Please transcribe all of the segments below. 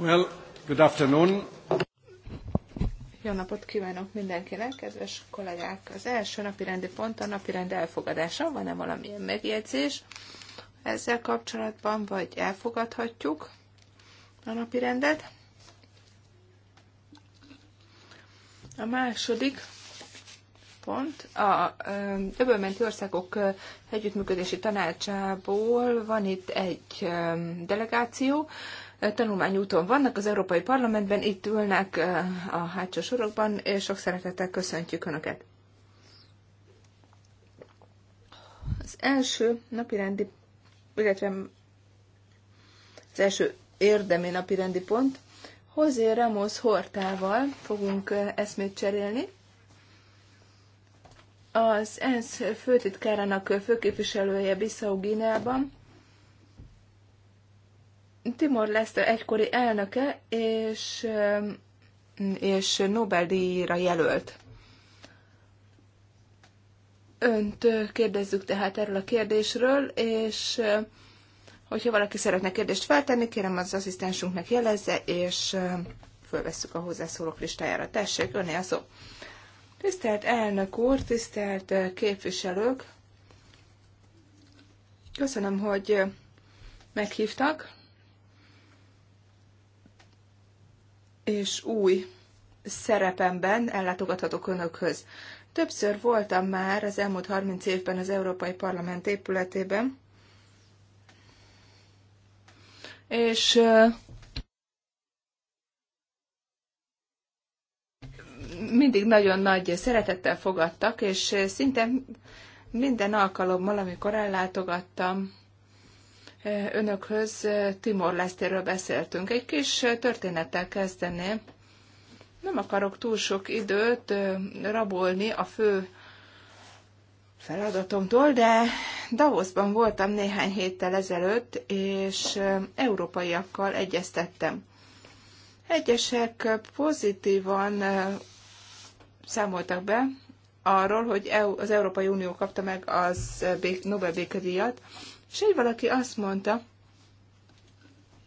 Well, good afternoon. Jó napot kívánok mindenkinek, kedves kollégák! Az első napi rendi pont a napi rend elfogadása. Van-e valamilyen megjegyzés ezzel kapcsolatban, vagy elfogadhatjuk a napi rendet? A második pont. A öbölmenti országok együttműködési tanácsából van itt egy delegáció, tanulmányúton vannak az Európai Parlamentben, itt ülnek a hátsó sorokban, és sok szeretettel köszöntjük Önöket. Az első napirendi, illetve az első érdemi napirendi pont, Hozé Ramos Hortával fogunk eszmét cserélni. Az ENSZ főtitkárának főképviselője Bissau Gíneában, Timor lesz egykori elnöke, és, és Nobel-díjra jelölt. Önt kérdezzük tehát erről a kérdésről, és hogyha valaki szeretne kérdést feltenni, kérem az asszisztensünknek jelezze, és fölvesszük a hozzászólók listájára. Tessék, öné a szó. Tisztelt elnök úr, tisztelt képviselők! Köszönöm, hogy meghívtak. és új szerepemben ellátogathatok önökhöz. Többször voltam már az elmúlt 30 évben az Európai Parlament épületében, és mindig nagyon nagy szeretettel fogadtak, és szinte minden alkalommal, amikor ellátogattam önökhöz eh, Timor Lesztéről beszéltünk. Egy kis eh, történettel kezdeném. Nem akarok túl sok időt eh, rabolni a fő feladatomtól, de Davosban voltam néhány héttel ezelőtt, és európaiakkal egyeztettem. Egyesek pozitívan számoltak be arról, hogy e az Európai Unió kapta meg az Nobel békedíjat, és egy valaki azt mondta,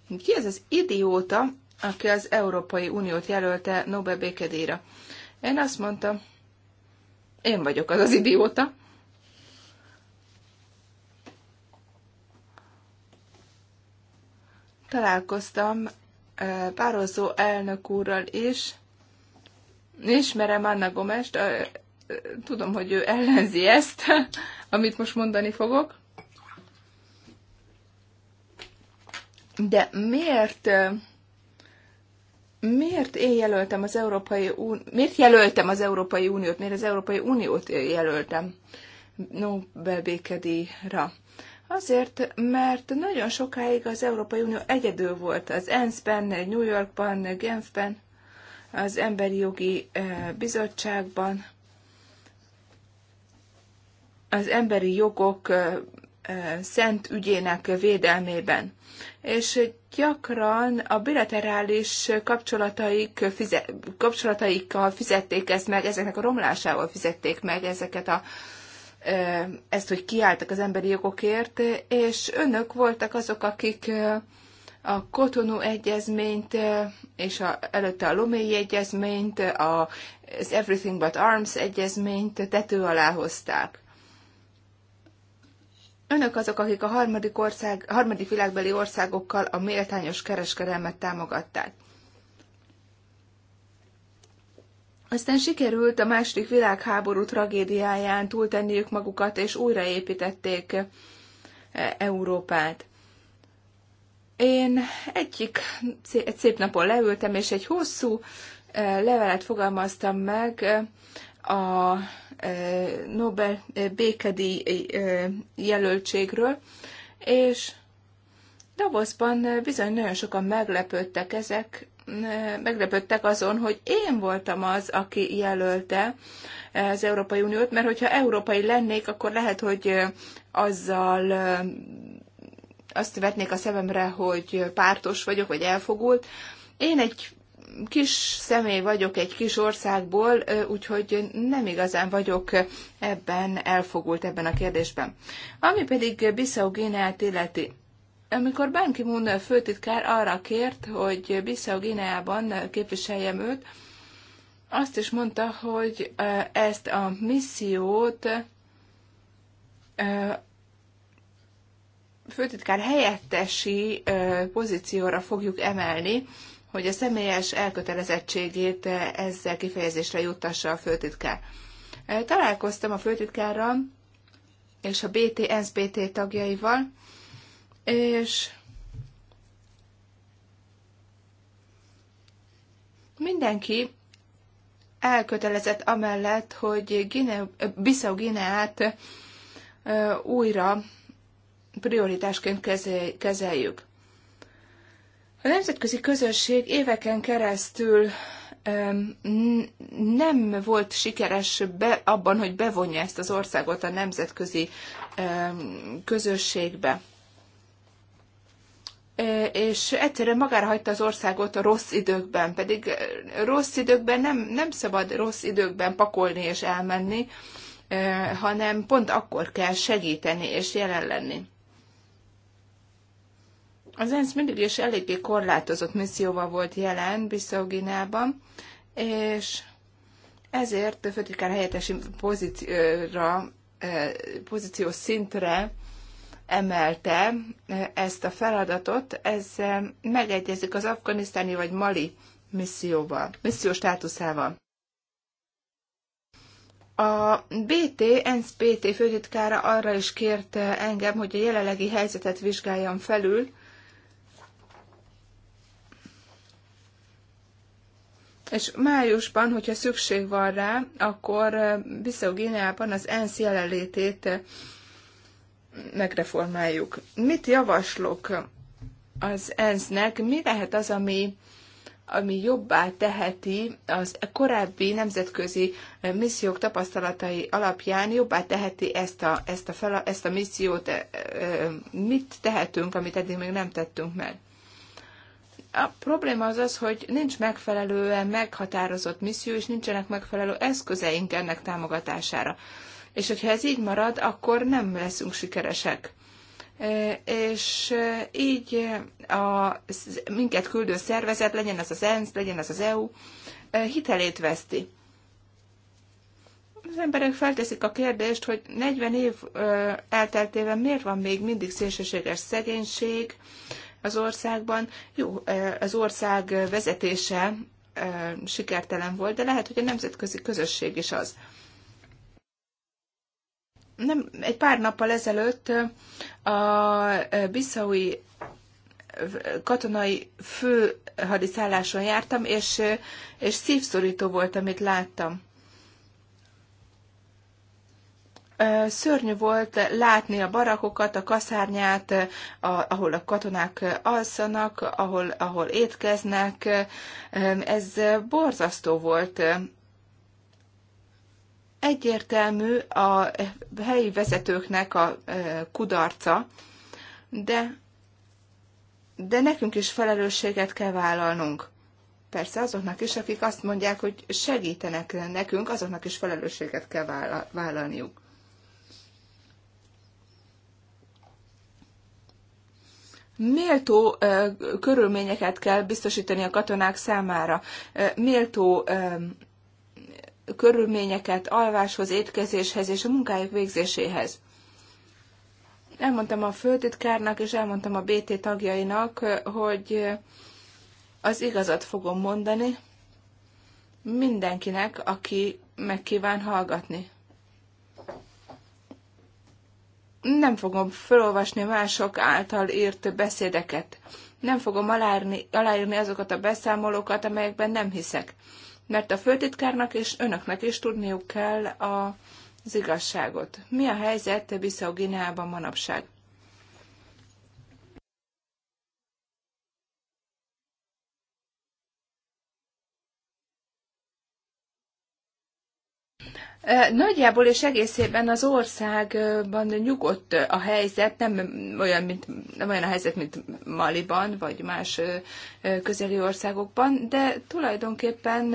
hogy ki ez az idióta, aki az Európai Uniót jelölte Nobel békedére. Én azt mondtam, én vagyok az az idióta. Találkoztam Pározó elnök úrral is. Ismerem Anna Gomest, tudom, hogy ő ellenzi ezt, amit most mondani fogok. De miért miért én jelöltem az Európai Uniót, miért jelöltem az Európai Uniót, miért az Európai Uniót jelöltem Nobel békedíjra? Azért, mert nagyon sokáig az Európai Unió egyedül volt az ENSZ-ben, New Yorkban, Genfben, az Emberi Jogi Bizottságban, az emberi jogok szent ügyének védelmében. És gyakran a bilaterális kapcsolataik, fize, kapcsolataikkal fizették ezt meg, ezeknek a romlásával fizették meg ezeket a ezt, hogy kiálltak az emberi jogokért, és önök voltak azok, akik a Kotonú egyezményt, és a, előtte a Loméi egyezményt, a, az Everything But Arms egyezményt tető alá hozták. Önök azok, akik a harmadik, ország, harmadik világbeli országokkal a méltányos kereskedelmet támogatták. Aztán sikerült a második világháború tragédiáján túltenniük magukat, és újraépítették e, Európát. Én egyik egy szép napon leültem, és egy hosszú e, levelet fogalmaztam meg a Nobel békedíj jelöltségről, és Davosban bizony nagyon sokan meglepődtek ezek, meglepődtek azon, hogy én voltam az, aki jelölte az Európai Uniót, mert hogyha európai lennék, akkor lehet, hogy azzal azt vetnék a szememre, hogy pártos vagyok, vagy elfogult. Én egy kis személy vagyok egy kis országból, úgyhogy nem igazán vagyok ebben elfogult ebben a kérdésben. Ami pedig Bissau Géneát illeti. Amikor Ban ki főtitkár arra kért, hogy Bissau Géneában képviseljem őt, azt is mondta, hogy ezt a missziót főtitkár helyettesi pozícióra fogjuk emelni, hogy a személyes elkötelezettségét eh, ezzel kifejezésre juttassa a főtitkár. Eh, találkoztam a főtitkárral és a BT, SBT tagjaival, és mindenki elkötelezett amellett, hogy Gine, Bissau Gineát eh, újra prioritásként kezeljük. A nemzetközi közösség éveken keresztül nem volt sikeres be, abban, hogy bevonja ezt az országot a nemzetközi közösségbe. E, és egyszerűen magára hagyta az országot a rossz időkben, pedig e, rossz időkben nem, nem szabad rossz időkben pakolni és elmenni, e, hanem pont akkor kell segíteni és jelen lenni. Az ENSZ mindig is eléggé korlátozott misszióval volt jelen bissau és ezért a főtitkár helyettesi pozícióra, pozíció szintre emelte ezt a feladatot, ez megegyezik az afganisztáni vagy mali misszióval, misszió státuszával. A BT, ENSZ BT főtitkára arra is kérte engem, hogy a jelenlegi helyzetet vizsgáljam felül, és májusban, hogyha szükség van rá, akkor Bissau az ENSZ jelenlétét megreformáljuk. Mit javaslok az ENSZ-nek? Mi lehet az, ami, ami jobbá teheti az korábbi nemzetközi missziók tapasztalatai alapján, jobbá teheti ezt a, ezt a, fel, ezt a missziót? Mit tehetünk, amit eddig még nem tettünk meg? A probléma az az, hogy nincs megfelelően meghatározott misszió, és nincsenek megfelelő eszközeink ennek támogatására. És hogyha ez így marad, akkor nem leszünk sikeresek. E, és e, így a minket küldő szervezet, legyen az az ENSZ, legyen az az e EU, hitelét veszti. Az emberek felteszik a kérdést, hogy 40 év elteltével miért van még mindig szélsőséges szegénység, az országban. Jó, az ország vezetése sikertelen volt, de lehet, hogy a nemzetközi közösség is az. Nem, egy pár nappal ezelőtt a Bissaui katonai főhadiszálláson jártam, és, és szívszorító volt, amit láttam. Szörnyű volt látni a barakokat, a kaszárnyát, ahol a katonák alszanak, ahol, ahol étkeznek. Ez borzasztó volt. Egyértelmű a helyi vezetőknek a kudarca, de, de nekünk is felelősséget kell vállalnunk. Persze azoknak is, akik azt mondják, hogy segítenek nekünk, azoknak is felelősséget kell vállalniuk. méltó körülményeket kell biztosítani a katonák számára, méltó körülményeket alváshoz, étkezéshez és a munkájuk végzéséhez. Elmondtam a főtitkárnak és elmondtam a BT tagjainak, hogy az igazat fogom mondani mindenkinek, aki megkíván hallgatni nem fogom felolvasni mások által írt beszédeket. Nem fogom aláírni aláírni azokat a beszámolókat, amelyekben nem hiszek. Mert a főtitkárnak és önöknek is tudniuk kell a, az igazságot. Mi a helyzet Bissau Gineában manapság? Nagyjából és egészében az országban nyugodt a helyzet, nem olyan, mint, nem olyan a helyzet, mint Maliban, vagy más közeli országokban, de tulajdonképpen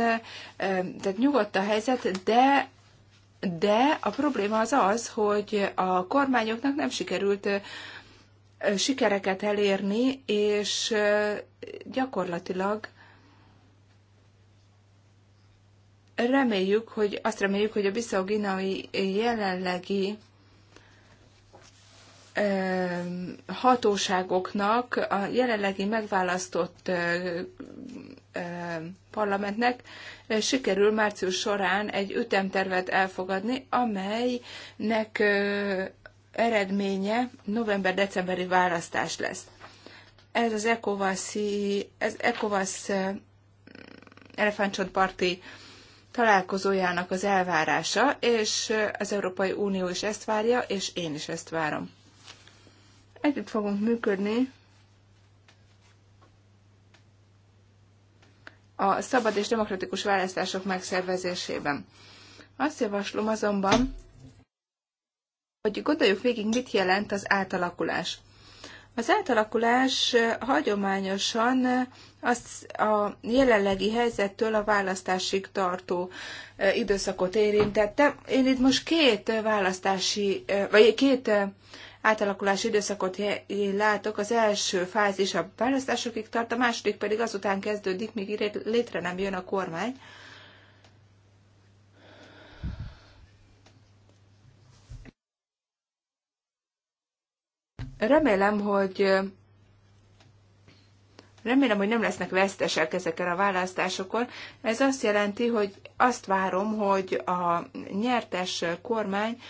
tehát nyugodt a helyzet, de de a probléma az az, hogy a kormányoknak nem sikerült sikereket elérni, és gyakorlatilag Reméljük, hogy azt reméljük, hogy a Bissau-Ginai jelenlegi hatóságoknak, a jelenlegi megválasztott parlamentnek sikerül március során egy ütemtervet elfogadni, amelynek eredménye november-decemberi választás lesz. Ez az ECOWAS, ez ECOWAS elefántcsontparti találkozójának az elvárása, és az Európai Unió is ezt várja, és én is ezt várom. Együtt fogunk működni a szabad és demokratikus választások megszervezésében. Azt javaslom azonban, hogy gondoljuk végig, mit jelent az átalakulás. Az átalakulás hagyományosan az a jelenlegi helyzettől a választásig tartó időszakot érintette. Én itt most két választási, vagy két átalakulási időszakot látok. Az első fázis a választásokig tart, a második pedig azután kezdődik, míg létre nem jön a kormány. Remélem, hogy Remélem, hogy nem lesznek vesztesek ezeken a választásokon. Ez azt jelenti, hogy azt várom, hogy a nyertes kormány,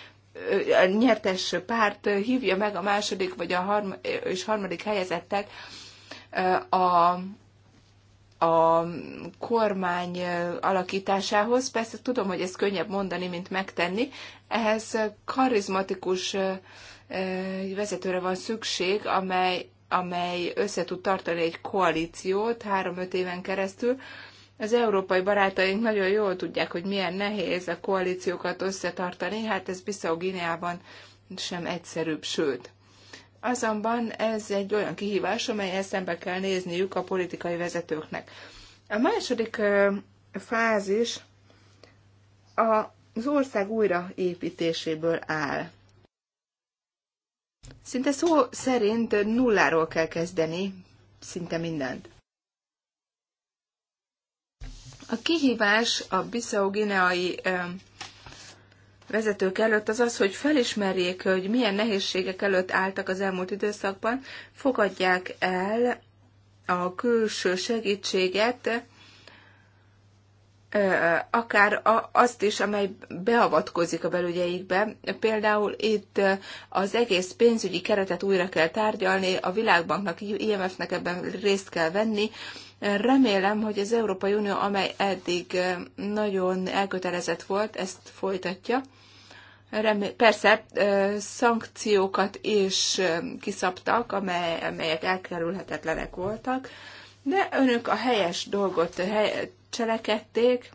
a nyertes párt hívja meg a második vagy a harm- és harmadik helyezettet a a kormány alakításához. Persze tudom, hogy ez könnyebb mondani, mint megtenni. Ehhez karizmatikus vezetőre van szükség, amely, amely össze tud tartani egy koalíciót három-öt éven keresztül. Az európai barátaink nagyon jól tudják, hogy milyen nehéz a koalíciókat összetartani, hát ez Bissau Gineában sem egyszerűbb, sőt. Azonban ez egy olyan kihívás, amelyel szembe kell nézniük a politikai vezetőknek. A második fázis az ország újraépítéséből áll. Szinte szó szerint nulláról kell kezdeni szinte mindent. A kihívás a bissau vezetők előtt az az, hogy felismerjék, hogy milyen nehézségek előtt álltak az elmúlt időszakban, fogadják el a külső segítséget, akár azt is, amely beavatkozik a belügyeikbe. Például itt az egész pénzügyi keretet újra kell tárgyalni, a világbanknak, IMF-nek ebben részt kell venni. Remélem, hogy az Európai Unió, amely eddig nagyon elkötelezett volt, ezt folytatja. Remé- persze szankciókat is kiszabtak, amely, amelyek elkerülhetetlenek voltak, de önök a helyes dolgot, cselekedték.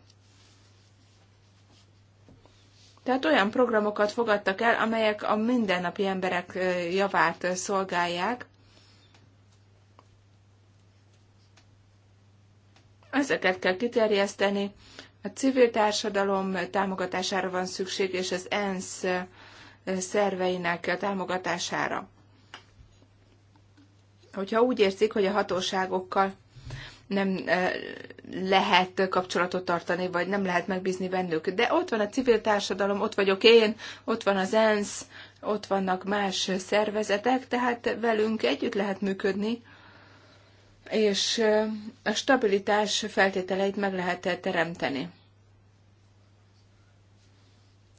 Tehát olyan programokat fogadtak el, amelyek a mindennapi emberek javát szolgálják. Ezeket kell kiterjeszteni. A civil társadalom támogatására van szükség, és az ENSZ szerveinek támogatására. Hogyha úgy érzik, hogy a hatóságokkal nem lehet kapcsolatot tartani, vagy nem lehet megbízni bennük. De ott van a civil társadalom, ott vagyok én, ott van az ENSZ, ott vannak más szervezetek, tehát velünk együtt lehet működni, és a stabilitás feltételeit meg lehet teremteni.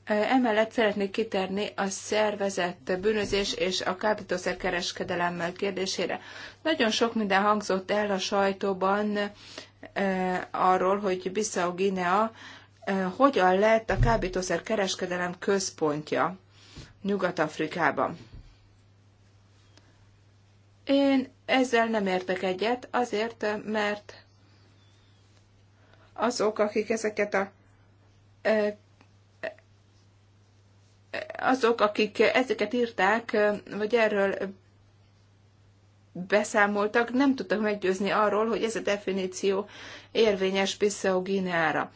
Emellett szeretnék kitérni a szervezett bűnözés és a kábítószerkereskedelemmel kérdésére. Nagyon sok minden hangzott el a sajtóban arról, hogy Bissau Guinea hogyan lett a kábítószerkereskedelem központja Nyugat-Afrikában. Én ezzel nem értek egyet, azért, mert azok, akik ezeket a azok, akik ezeket írták, vagy erről beszámoltak, nem tudtak meggyőzni arról, hogy ez a definíció érvényes Bissau Gineára.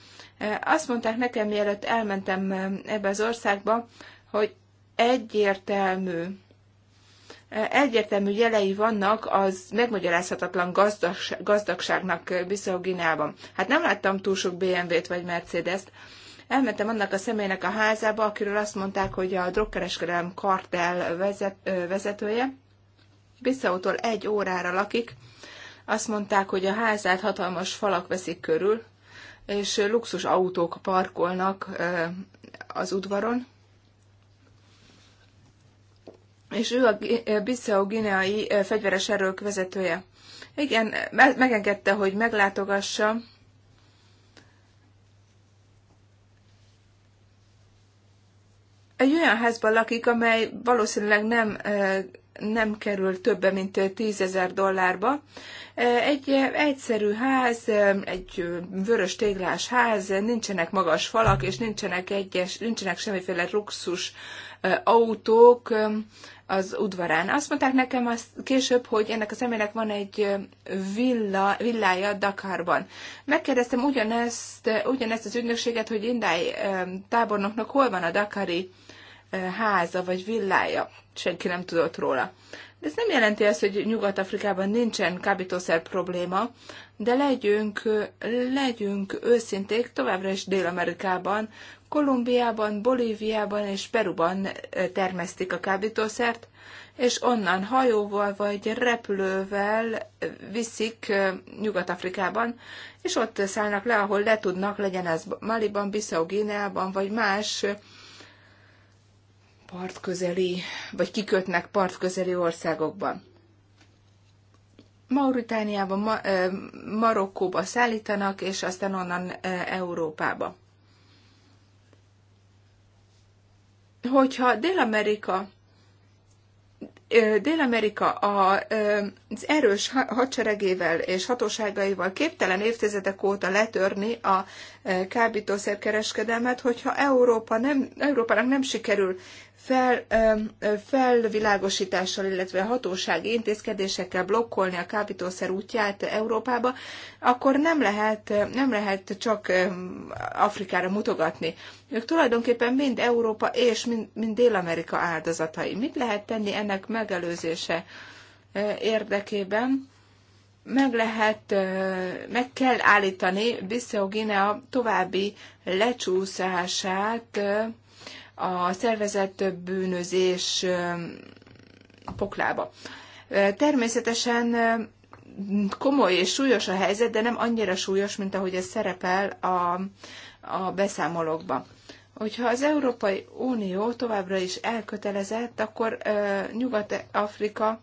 Azt mondták nekem, mielőtt elmentem ebbe az országba, hogy egyértelmű egyértelmű jelei vannak az megmagyarázhatatlan gazdagságnak Bissau Gineában. Hát nem láttam túl sok BMW-t vagy Mercedes-t, Elmentem annak a személynek a házába, akiről azt mondták, hogy a drogkereskedelem kartel vezet, vezetője. Visszautól egy órára lakik. Azt mondták, hogy a házát hatalmas falak veszik körül, és luxus autók parkolnak az udvaron. És ő a Bissau gineai fegyveres erők vezetője. Igen, megengedte, hogy meglátogassa Egy olyan házban lakik, amely valószínűleg nem nem kerül többe, mint tízezer dollárba. Egy egyszerű ház, egy vörös téglás ház, nincsenek magas falak, és nincsenek, egyes, nincsenek semmiféle luxus autók az udvarán. Azt mondták nekem azt később, hogy ennek a személynek van egy villa, villája Dakarban. Megkérdeztem ugyanezt, ugyanezt az ügynökséget, hogy Indály tábornoknak hol van a Dakari háza vagy villája. Senki nem tudott róla. De ez nem jelenti azt, hogy Nyugat-Afrikában nincsen kábítószer probléma, de legyünk, legyünk őszinték, továbbra is Dél-Amerikában, Kolumbiában, Bolíviában és Peruban termesztik a kábítószert, és onnan hajóval vagy repülővel viszik Nyugat-Afrikában, és ott szállnak le, ahol le tudnak, legyen ez Maliban, Bissau, Gíneában, vagy más partközeli, vagy kikötnek partközeli országokban. Mauritániába, Ma, Marokkóba szállítanak, és aztán onnan Európába. Hogyha Dél-Amerika Dél-Amerika az erős hadseregével és hatóságaival képtelen évtizedek óta letörni a kábítószerkereskedelmet, hogyha Európa nem, Európának nem sikerül fel, felvilágosítással, illetve hatósági intézkedésekkel blokkolni a kábítószer útját Európába, akkor nem lehet, nem lehet csak Afrikára mutogatni. Ők tulajdonképpen mind Európa és mind, mind Dél-Amerika áldozatai. Mit lehet tenni ennek megelőzése érdekében? meg lehet, meg kell állítani Bisseo Guinea további lecsúszását a szervezett bűnözés poklába. Természetesen komoly és súlyos a helyzet, de nem annyira súlyos, mint ahogy ez szerepel a, a beszámolókban. Hogyha az Európai Unió továbbra is elkötelezett, akkor Nyugat-Afrika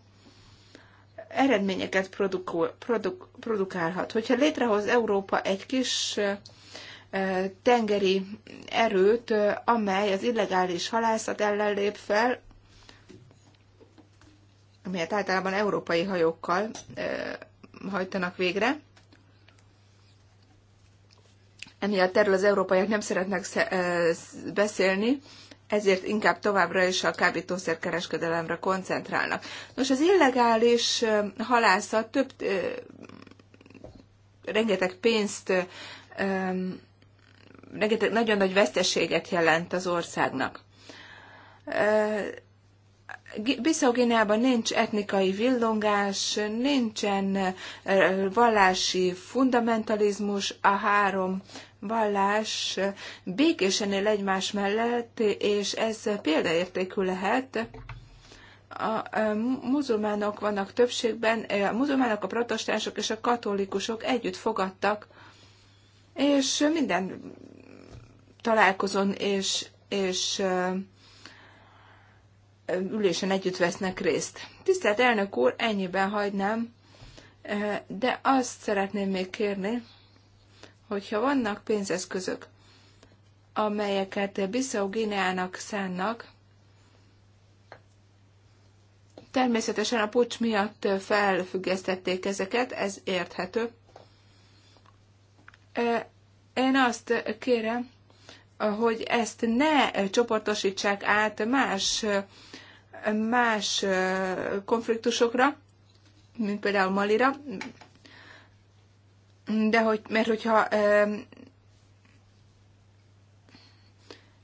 eredményeket produku, produk, produkálhat. Hogyha létrehoz Európa egy kis tengeri erőt, amely az illegális halászat ellen lép fel, amelyet általában európai hajókkal hajtanak végre. Emiatt erről az európaiak nem szeretnek beszélni, ezért inkább továbbra is a kábítószerkereskedelemre koncentrálnak. Nos, az illegális halászat több, rengeteg pénzt nagyon nagy veszteséget jelent az országnak. bissau nincs etnikai villongás, nincsen vallási fundamentalizmus, a három vallás békésen él egymás mellett, és ez példaértékű lehet a muzulmánok vannak többségben, a muzulmánok, a protestánsok és a katolikusok együtt fogadtak, és minden találkozón és, és ülésen együtt vesznek részt. Tisztelt elnök úr, ennyiben hagynám, de azt szeretném még kérni, hogyha vannak pénzeszközök, amelyeket Bissau Gineának szánnak, természetesen a pucs miatt felfüggesztették ezeket, ez érthető. Én azt kérem, hogy ezt ne csoportosítsák át más, más konfliktusokra, mint például Malira, de hogy, mert hogyha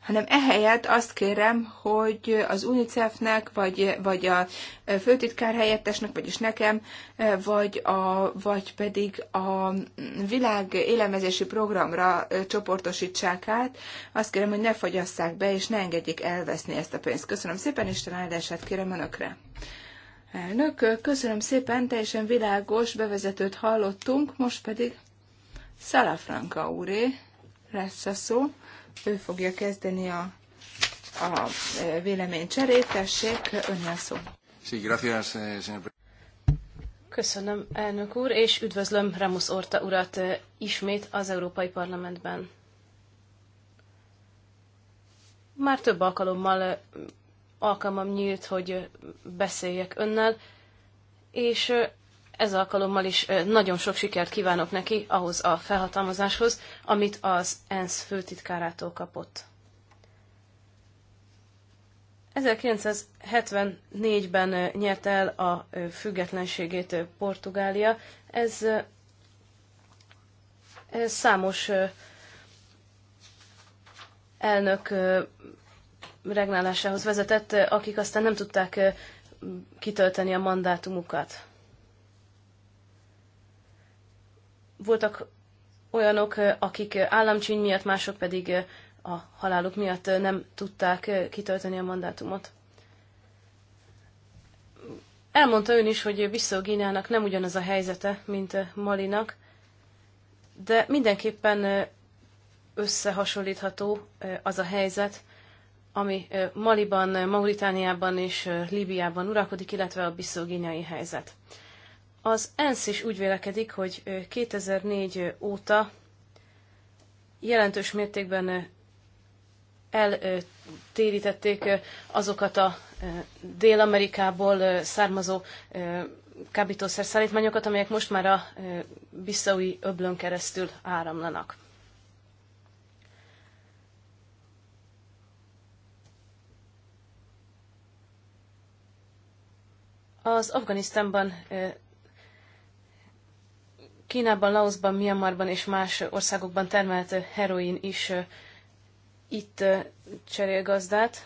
hanem ehelyett azt kérem, hogy az UNICEF-nek, vagy, vagy a főtitkár helyettesnek, vagyis nekem, vagy, a, vagy pedig a világ élelmezési programra csoportosítsák át. Azt kérem, hogy ne fogyasszák be, és ne engedjék elveszni ezt a pénzt. Köszönöm szépen, Isten áldását kérem Önökre. Elnök, köszönöm szépen, teljesen világos bevezetőt hallottunk, most pedig Szalafranka úré lesz a szó ő fogja kezdeni a, a véleménycserét. Tessék, önnel szó. gracias, eh, señor. Köszönöm, elnök úr, és üdvözlöm Remus Orta urat eh, ismét az Európai Parlamentben. Már több alkalommal eh, alkalmam nyílt, hogy beszéljek önnel, és ez alkalommal is nagyon sok sikert kívánok neki ahhoz a felhatalmazáshoz, amit az ENSZ főtitkárától kapott. 1974-ben nyert el a függetlenségét Portugália. Ez, ez számos elnök regnálásához vezetett, akik aztán nem tudták kitölteni a mandátumukat. voltak olyanok, akik államcsíny miatt, mások pedig a haláluk miatt nem tudták kitölteni a mandátumot. Elmondta ön is, hogy Visszogínának nem ugyanaz a helyzete, mint Malinak, de mindenképpen összehasonlítható az a helyzet, ami Maliban, Mauritániában és Líbiában uralkodik, illetve a biszogényai helyzet. Az ENSZ is úgy vélekedik, hogy 2004 óta jelentős mértékben eltérítették azokat a Dél-Amerikából származó kábítószer szállítmányokat, amelyek most már a Bissaui öblön keresztül áramlanak. Az Afganisztánban Kínában, Laosban, Myanmarban és más országokban termelt heroin is itt cserél gazdát.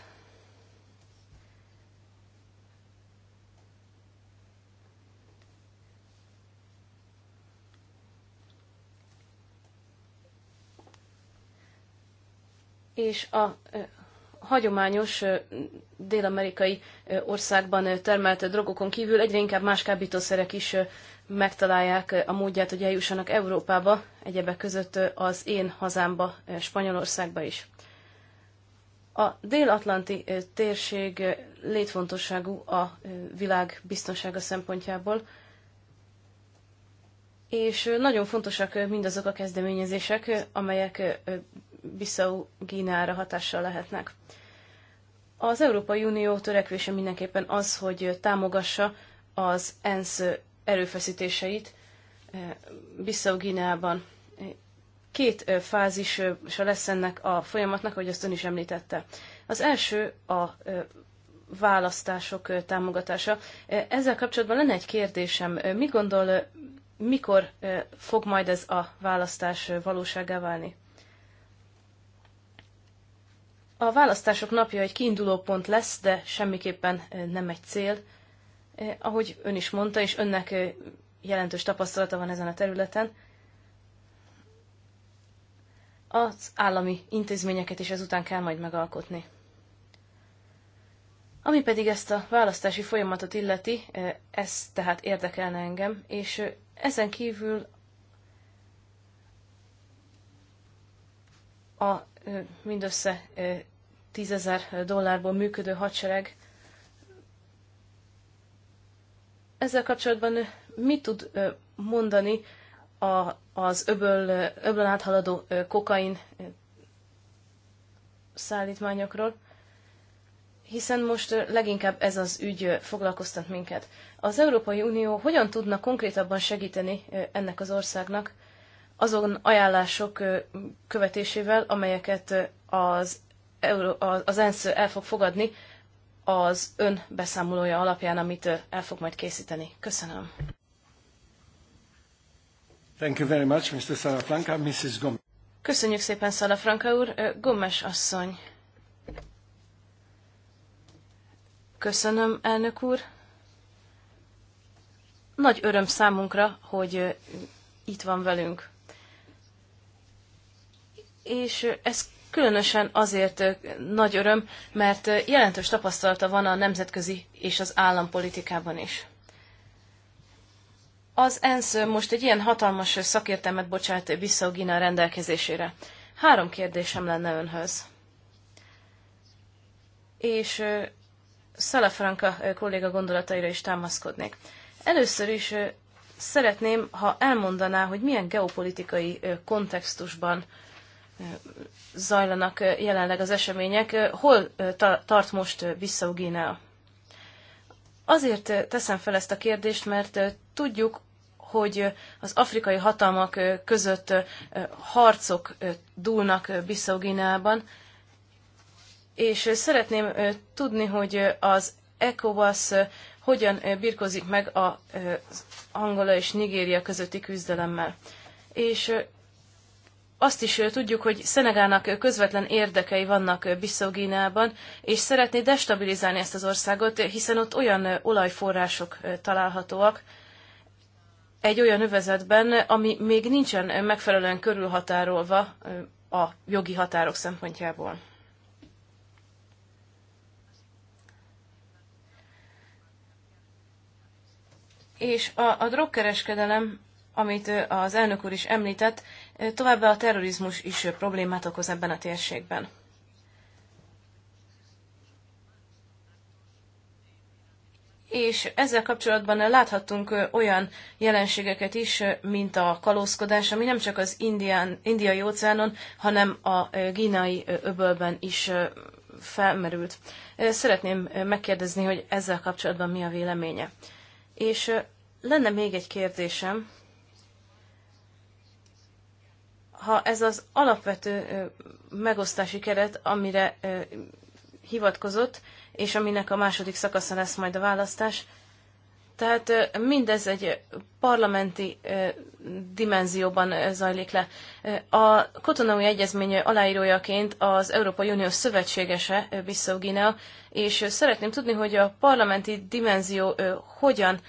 És a hagyományos dél-amerikai országban termelt drogokon kívül egyre inkább más kábítószerek is megtalálják eh, a módját, hogy eljussanak Európába, egyebek között eh, az én hazámba, eh, Spanyolországba is. A dél-atlanti térség létfontosságú a világ biztonsága szempontjából, és nagyon fontosak mindazok a kezdeményezések, amelyek Bissau Gínára hatással lehetnek. Az Európai Unió törekvése mindenképpen az, hogy támogassa az ENSZ erőfeszítéseit eh, Bissau Gineában. Két eh, fázisa lesz ennek a folyamatnak, ahogy azt ön is említette. Az első a eh, választások támogatása. Ezzel kapcsolatban lenne egy kérdésem. Mi gondol, mikor fog majd ez a választás valóságá válni? A választások napja egy kiinduló pont lesz, de semmiképpen nem egy cél. Eh, ahogy ön is mondta, és önnek eh, jelentős tapasztalata van ezen a területen, az állami intézményeket is ezután kell majd megalkotni. Ami pedig ezt a választási folyamatot illeti, eh, ez tehát érdekelne engem, és ezen kívül a mindössze tízezer dollárból működő hadsereg ezzel kapcsolatban mit tud mondani a, az öböl, öblön áthaladó kokain szállítmányokról? hiszen most leginkább ez az ügy foglalkoztat minket. Az Európai Unió hogyan tudna konkrétabban segíteni ennek az országnak azon ajánlások követésével, amelyeket az, az ENSZ el fog fogadni az ön beszámolója alapján, amit el fog majd készíteni. Köszönöm. Thank you very much, Mr. Salafranca. Mrs. Gomez. Köszönjük szépen, Salafranca úr. Gomes asszony. Köszönöm, elnök úr. Nagy öröm számunkra, hogy itt van velünk. És ez Különösen azért nagy öröm, mert jelentős tapasztalata van a nemzetközi és az állampolitikában is. Az ENSZ most egy ilyen hatalmas szakértelmet bocsát vissza Gina rendelkezésére. Három kérdésem lenne önhöz. És Szalafranka kolléga gondolataira is támaszkodnék. Először is szeretném, ha elmondaná, hogy milyen geopolitikai kontextusban zajlanak jelenleg az események. Hol ta- tart most vissza Gínea? Azért teszem fel ezt a kérdést, mert tudjuk, hogy az afrikai hatalmak között harcok dúlnak Bissau Guineában, és szeretném tudni, hogy az ECOWAS hogyan birkozik meg az Angola és Nigéria közötti küzdelemmel. És azt is tudjuk, hogy Szenegának közvetlen érdekei vannak bissau és szeretné destabilizálni ezt az országot, hiszen ott olyan olajforrások találhatóak, egy olyan övezetben, ami még nincsen megfelelően körülhatárolva a jogi határok szempontjából. És a, a drogkereskedelem, amit az elnök úr is említett, Továbbá a terrorizmus is problémát okoz ebben a térségben. És ezzel kapcsolatban láthattunk olyan jelenségeket is, mint a kalózkodás, ami nem csak az indián, indiai óceánon, hanem a gínai öbölben is felmerült. Szeretném megkérdezni, hogy ezzel kapcsolatban mi a véleménye. És lenne még egy kérdésem, ha ez az alapvető megosztási keret, amire hivatkozott, és aminek a második szakasza lesz majd a választás, tehát mindez egy parlamenti dimenzióban zajlik le. A kotonaui egyezmény aláírójaként az Európai Unió szövetségese Bissau Guinea, és szeretném tudni, hogy a parlamenti dimenzió hogyan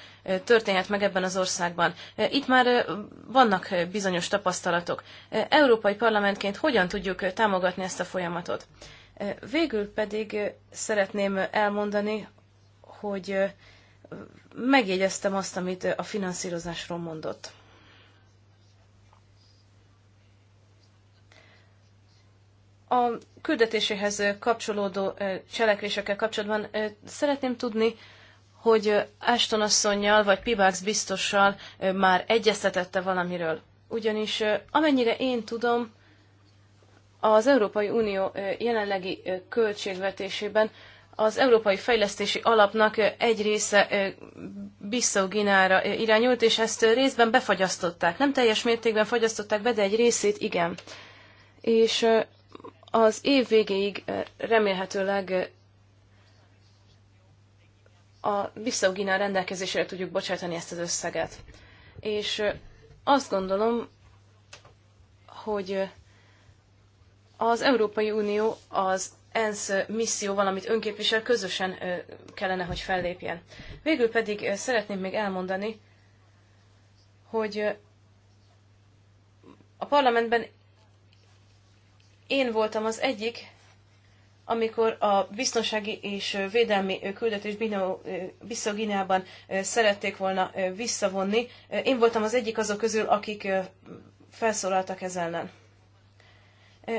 történhet meg ebben az országban. Itt már vannak bizonyos tapasztalatok. Európai Parlamentként hogyan tudjuk támogatni ezt a folyamatot? Végül pedig szeretném elmondani, hogy megjegyeztem azt, amit a finanszírozásról mondott. A küldetéséhez kapcsolódó cselekvésekkel kapcsolatban szeretném tudni, hogy Ashton asszonynal vagy Pibax biztossal már egyeztetette valamiről. Ugyanis amennyire én tudom, az Európai Unió jelenlegi költségvetésében az Európai Fejlesztési Alapnak egy része Bissau-Ginára irányult, és ezt részben befagyasztották. Nem teljes mértékben fagyasztották be, de egy részét igen. És az év végéig remélhetőleg a bissau rendelkezésére tudjuk bocsátani ezt az összeget. És azt gondolom, hogy az Európai Unió az ENSZ misszió, valamit önképvisel, közösen kellene, hogy fellépjen. Végül pedig szeretném még elmondani, hogy a parlamentben én voltam az egyik amikor a biztonsági és védelmi küldetés Bissau Gineában szerették volna visszavonni. Én voltam az egyik azok közül, akik felszólaltak ez ellen.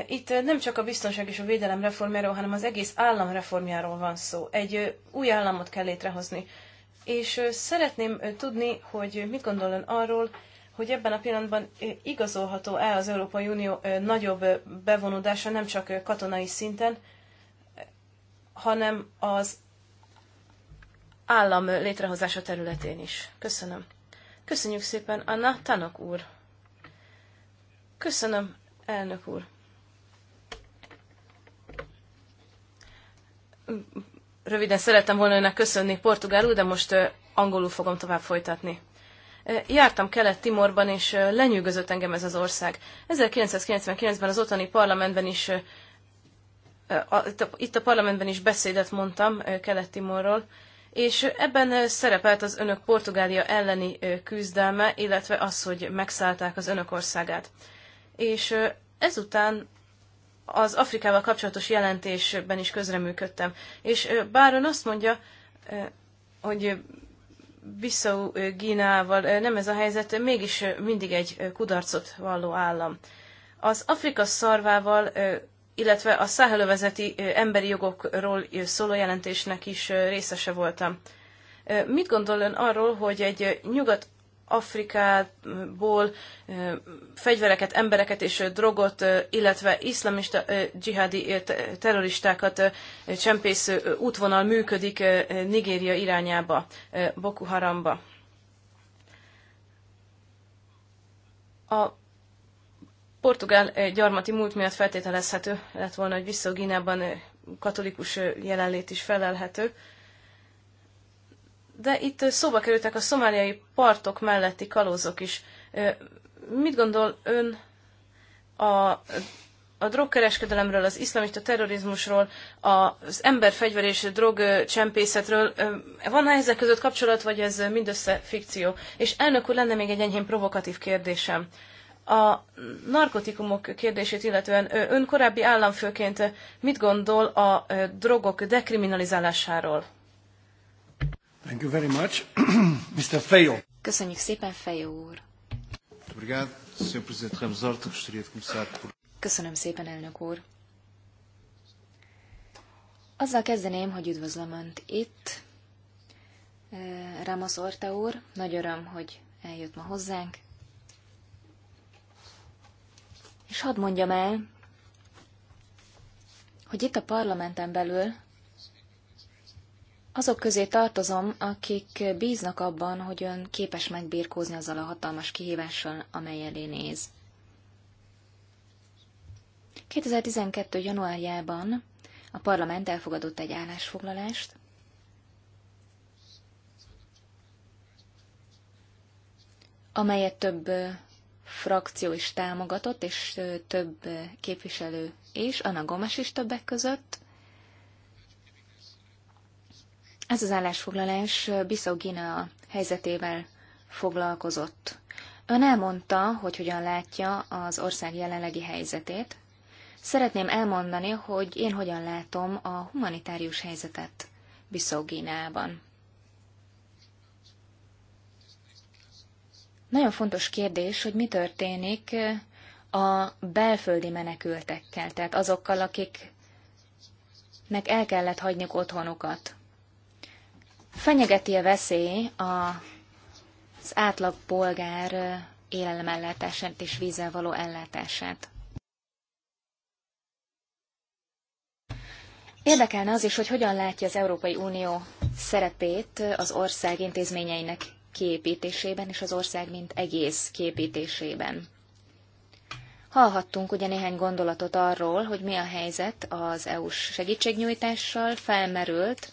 Itt nem csak a biztonság és a védelem reformjáról, hanem az egész állam reformjáról van szó. Egy új államot kell létrehozni. És szeretném tudni, hogy mit gondol ön arról, hogy ebben a pillanatban igazolható-e az Európai Unió nagyobb bevonódása nem csak katonai szinten, hanem az állam létrehozása területén is. Köszönöm. Köszönjük szépen, Anna Tanok úr. Köszönöm, elnök úr. Röviden szerettem volna önnek köszönni portugálul, de most angolul fogom tovább folytatni. Jártam Kelet-Timorban, és lenyűgözött engem ez az ország. 1999-ben az ottani parlamentben is itt a parlamentben is beszédet mondtam Kelet-Timorról, és ebben szerepelt az önök Portugália elleni küzdelme, illetve az, hogy megszállták az önök országát. És ezután az Afrikával kapcsolatos jelentésben is közreműködtem. És bár ön azt mondja, hogy Bissau Gínával nem ez a helyzet, mégis mindig egy kudarcot valló állam. Az Afrika szarvával illetve a száhelövezeti emberi jogokról szóló jelentésnek is részese voltam. Mit gondol ön arról, hogy egy Nyugat-Afrikából fegyvereket, embereket és drogot, illetve iszlamista dzsihádi terroristákat csempésző útvonal működik Nigéria irányába, Boko Haramba? A portugál eh, gyarmati múlt miatt feltételezhető lett volna, hogy Visszaginában eh, katolikus eh, jelenlét is felelhető. De itt szóba kerültek a szomáliai partok melletti kalózok is. Mit gondol ön a, a drogkereskedelemről, az iszlamista terrorizmusról, az emberfegyver és drogcsempészetről? Van-e ezek között kapcsolat, vagy ez mindössze fikció? És elnök úr, lenne még egy enyhén provokatív kérdésem. A narkotikumok kérdését illetően ön korábbi államfőként mit gondol a drogok dekriminalizálásáról? Thank you very much. Mr. Feio. Köszönjük szépen, Fejó úr. Köszönöm szépen, elnök úr. Azzal kezdeném, hogy üdvözlöm Önt itt. Ramos Orta úr, nagy öröm, hogy eljött ma hozzánk. És hadd mondjam el, hogy itt a parlamenten belül azok közé tartozom, akik bíznak abban, hogy ön képes megbírkózni azzal a hatalmas kihívással, amely elé néz. 2012. januárjában a parlament elfogadott egy állásfoglalást, amelyet több frakció is támogatott, és több képviselő is, Anna Gomes is többek között. Ez az állásfoglalás Bissau helyzetével foglalkozott. Ön elmondta, hogy hogyan látja az ország jelenlegi helyzetét. Szeretném elmondani, hogy én hogyan látom a humanitárius helyzetet Bissau Nagyon fontos kérdés, hogy mi történik eh, a belföldi menekültekkel, tehát azokkal, akiknek el kellett hagyniuk otthonukat. Fenyegeti a veszély a, az átlag polgár eh, élelmellátását és vízzel való ellátását. Érdekelne az is, hogy hogyan látja az Európai Unió szerepét az ország intézményeinek képítésében és az ország mint egész képítésében. Hallhattunk ugye néhány gondolatot arról, hogy mi a helyzet az EU-s segítségnyújtással, felmerült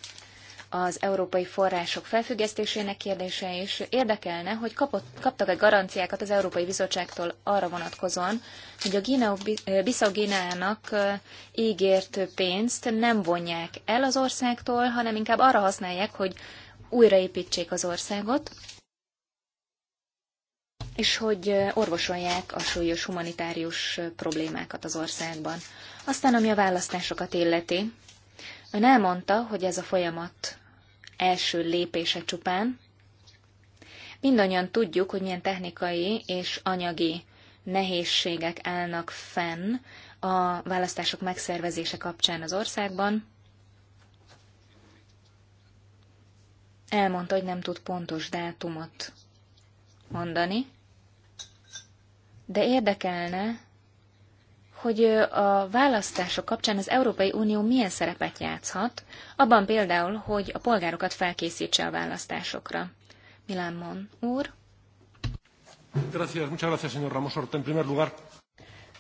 az európai források felfüggesztésének kérdése, és érdekelne, hogy kapott, kaptak-e garanciákat az Európai Bizottságtól arra vonatkozóan, hogy a Bissau Gineának ígért pénzt nem vonják el az országtól, hanem inkább arra használják, hogy újraépítsék az országot, és hogy orvosolják a súlyos humanitárius problémákat az országban. Aztán, ami a választásokat illeti, ön elmondta, hogy ez a folyamat első lépése csupán. Mindannyian tudjuk, hogy milyen technikai és anyagi nehézségek állnak fenn a választások megszervezése kapcsán az országban. elmondta, hogy nem tud pontos dátumot mondani, de érdekelne, hogy a választások kapcsán az Európai Unió milyen szerepet játszhat, abban például, hogy a polgárokat felkészítse a választásokra. Milán Mon úr. Gracias, muchas gracias, señor Ramos Horta. En primer lugar.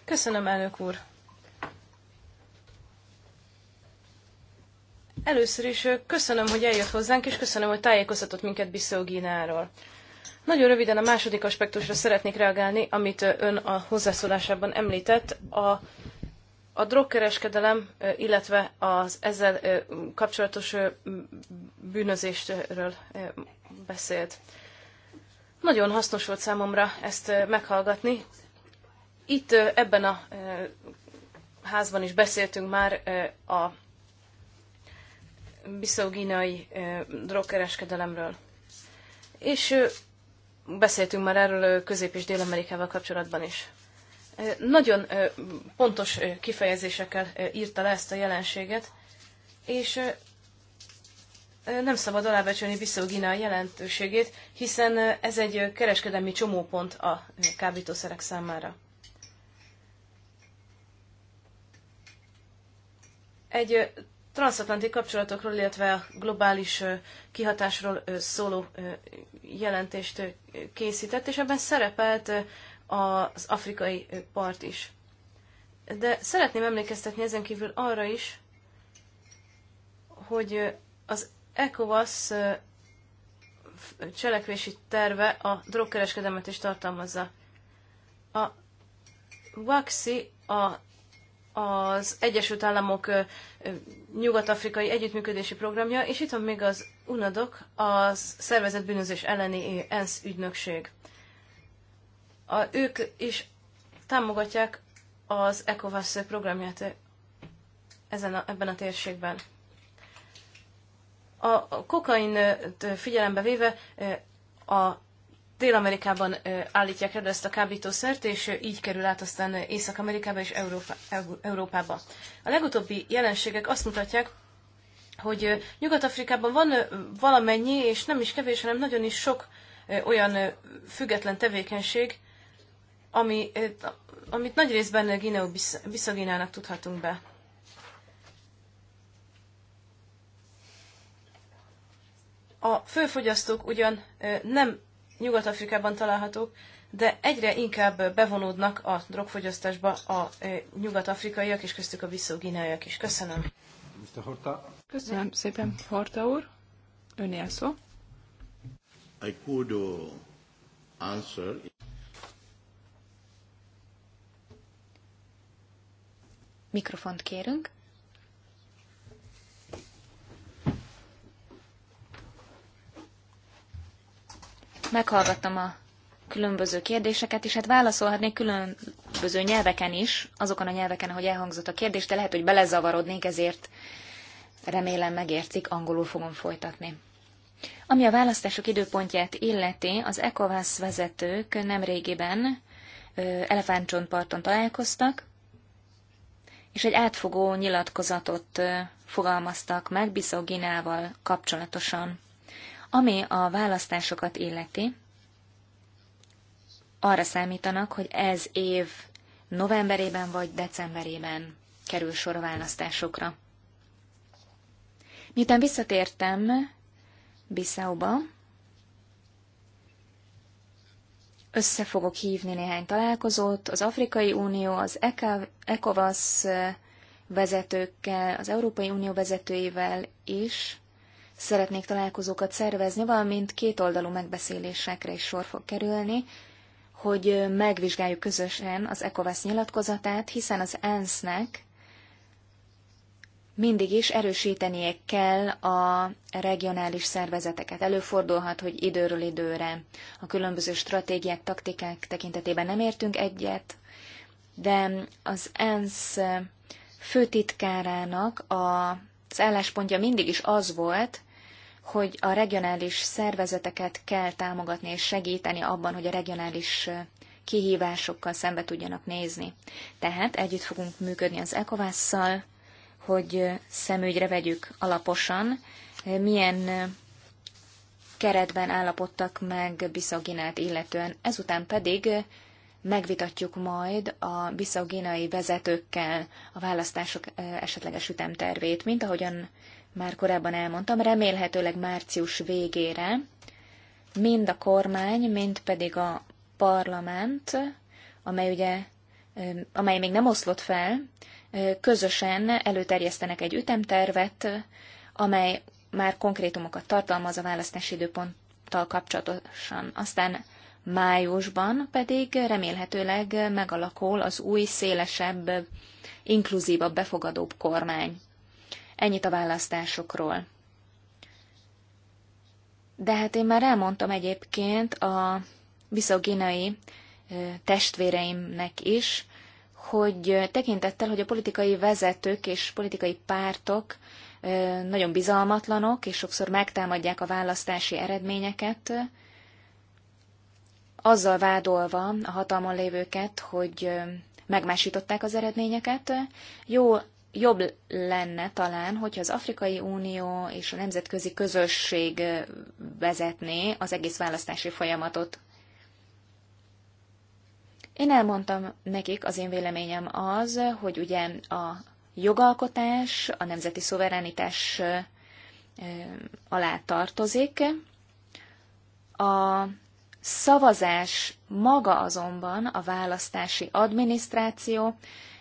Köszönöm, elnök úr. Először is köszönöm, hogy eljött hozzánk, és köszönöm, hogy tájékoztatott minket Bissau Gínáról. Nagyon röviden a második aspektusra szeretnék reagálni, amit ön a hozzászólásában említett, a, a drogkereskedelem, illetve az ezzel kapcsolatos bűnözéstről beszélt. Nagyon hasznos volt számomra ezt meghallgatni. Itt ebben a házban is beszéltünk már a biszauginai drogkereskedelemről. És beszéltünk már erről Közép- és Dél-Amerikával kapcsolatban is. Nagyon pontos kifejezésekkel írta le ezt a jelenséget, és nem szabad alábecsülni Biszogina jelentőségét, hiszen ez egy kereskedelmi csomópont a kábítószerek számára. Egy transatlanti kapcsolatokról, illetve a globális kihatásról szóló jelentést készített, és ebben szerepelt az afrikai part is. De szeretném emlékeztetni ezen kívül arra is, hogy az ECOWAS cselekvési terve a drogkereskedelmet is tartalmazza. A WAXI, a az Egyesült Államok nyugat-afrikai együttműködési programja, és itt van még az UNADOK a szervezett bűnözés elleni ENSZ ügynökség. A, ők is támogatják az ECOWAS programját ezen a, ebben a térségben. A, a kokain figyelembe véve a Dél-Amerikában állítják elő ezt a kábítószert, és így kerül át aztán Észak-Amerikába és Európa, Európába. A legutóbbi jelenségek azt mutatják, hogy Nyugat-Afrikában van valamennyi, és nem is kevés, hanem nagyon is sok olyan független tevékenység, ami, amit nagy részben Gineo-Biszaginának tudhatunk be. A főfogyasztók ugyan nem Nyugat-Afrikában találhatók, de egyre inkább bevonódnak a drogfogyasztásba a e, nyugat-afrikaiak, és köztük a visszóginájak is. Köszönöm. Mr. Horta. Köszönöm szépen, Horta úr. Önél szó. I could uh, answer. Mikrofont kérünk. meghallgattam a különböző kérdéseket, és hát válaszolhatnék különböző nyelveken is, azokon a nyelveken, ahogy elhangzott a kérdés, de lehet, hogy belezavarodnék, ezért remélem megértik, angolul fogom folytatni. Ami a választások időpontját illeti, az ECOWAS vezetők nemrégiben elefántcsontparton találkoztak, és egy átfogó nyilatkozatot fogalmaztak meg Bissau Ginával kapcsolatosan. Ami a választásokat illeti, arra számítanak, hogy ez év novemberében vagy decemberében kerül sor a választásokra. Miután visszatértem Bissauba, össze fogok hívni néhány találkozót, az Afrikai Unió, az ECOVAS vezetőkkel, az Európai Unió vezetőivel is, szeretnék találkozókat szervezni, valamint kétoldalú megbeszélésekre is sor fog kerülni, hogy megvizsgáljuk közösen az ECOVASZ nyilatkozatát, hiszen az ENSZ-nek mindig is erősítenie kell a regionális szervezeteket. Előfordulhat, hogy időről időre a különböző stratégiák, taktikák tekintetében nem értünk egyet, de az ENSZ főtitkárának a, az álláspontja mindig is az volt, hogy a regionális szervezeteket kell támogatni és segíteni abban, hogy a regionális kihívásokkal szembe tudjanak nézni. Tehát együtt fogunk működni az ECOVASZ-szal, hogy szemügyre vegyük alaposan, milyen keretben állapodtak meg bissau illetően. Ezután pedig megvitatjuk majd a bissau vezetőkkel a választások esetleges ütemtervét, mint ahogyan már korábban elmondtam, remélhetőleg március végére mind a kormány, mind pedig a parlament, amely ugye, amely még nem oszlott fel, közösen előterjesztenek egy ütemtervet, amely már konkrétumokat tartalmaz a választási időponttal kapcsolatosan. Aztán májusban pedig remélhetőleg megalakul az új, szélesebb, inkluzívabb, befogadóbb kormány. Ennyit a választásokról. De hát én már elmondtam egyébként a viszoginai testvéreimnek is, hogy tekintettel, hogy a politikai vezetők és politikai pártok nagyon bizalmatlanok, és sokszor megtámadják a választási eredményeket, azzal vádolva a hatalmon lévőket, hogy megmásították az eredményeket. Jó jobb lenne talán, hogyha az Afrikai Unió és a nemzetközi közösség vezetné az egész választási folyamatot. Én elmondtam nekik, az én véleményem az, hogy ugye a jogalkotás a nemzeti szuverenitás alá tartozik. A szavazás maga azonban a választási adminisztráció,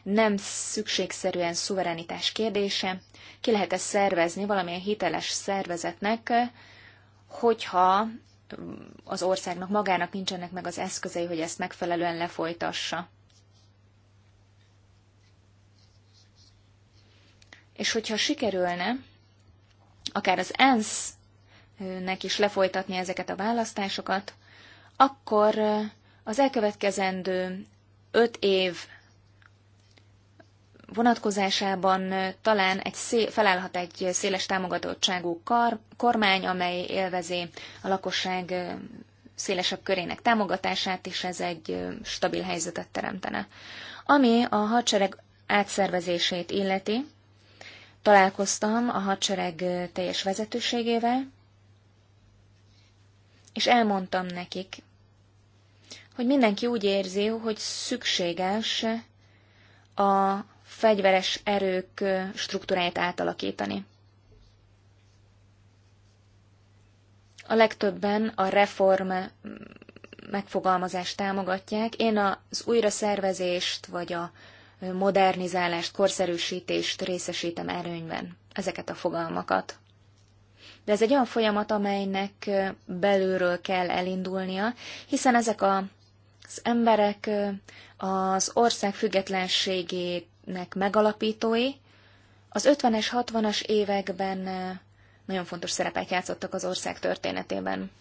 nem szükségszerűen szuverenitás kérdése. Ki lehet ezt szervezni valamilyen hiteles szervezetnek, hogyha az országnak magának nincsenek meg az eszközei, hogy ezt megfelelően lefolytassa. És hogyha sikerülne, akár az ENSZ-nek is lefolytatni ezeket a választásokat, akkor az elkövetkezendő öt év vonatkozásában talán egy szé- felállhat egy széles támogatottságú kar- kormány, amely élvezi a lakosság szélesebb körének támogatását, és ez egy stabil helyzetet teremtene. Ami a hadsereg átszervezését illeti, találkoztam a hadsereg teljes vezetőségével, és elmondtam nekik, hogy mindenki úgy érzi, hogy szükséges a fegyveres erők struktúráját átalakítani. A legtöbben a reform megfogalmazást támogatják. Én az újraszervezést vagy a modernizálást, korszerűsítést részesítem erőnyben, ezeket a fogalmakat. De ez egy olyan folyamat, amelynek belülről kell elindulnia, hiszen ezek a, az emberek az ország függetlenségét nek megalapítói. Az 50-es, 60-as években eh, nagyon fontos szerepet játszottak az ország történetében.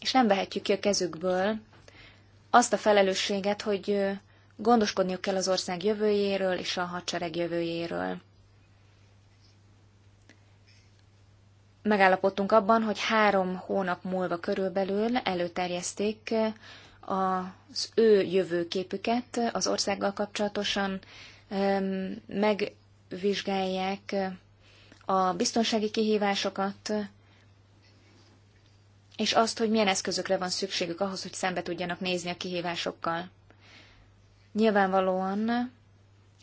És nem vehetjük ki a kezükből azt a felelősséget, hogy eh, gondoskodniuk kell az ország jövőjéről és a hadsereg jövőjéről. Megállapodtunk abban, hogy három hónap múlva körülbelül előterjeszték eh, az ő jövőképüket az országgal kapcsolatosan megvizsgálják a biztonsági kihívásokat, és azt, hogy milyen eszközökre van szükségük ahhoz, hogy szembe tudjanak nézni a kihívásokkal. Nyilvánvalóan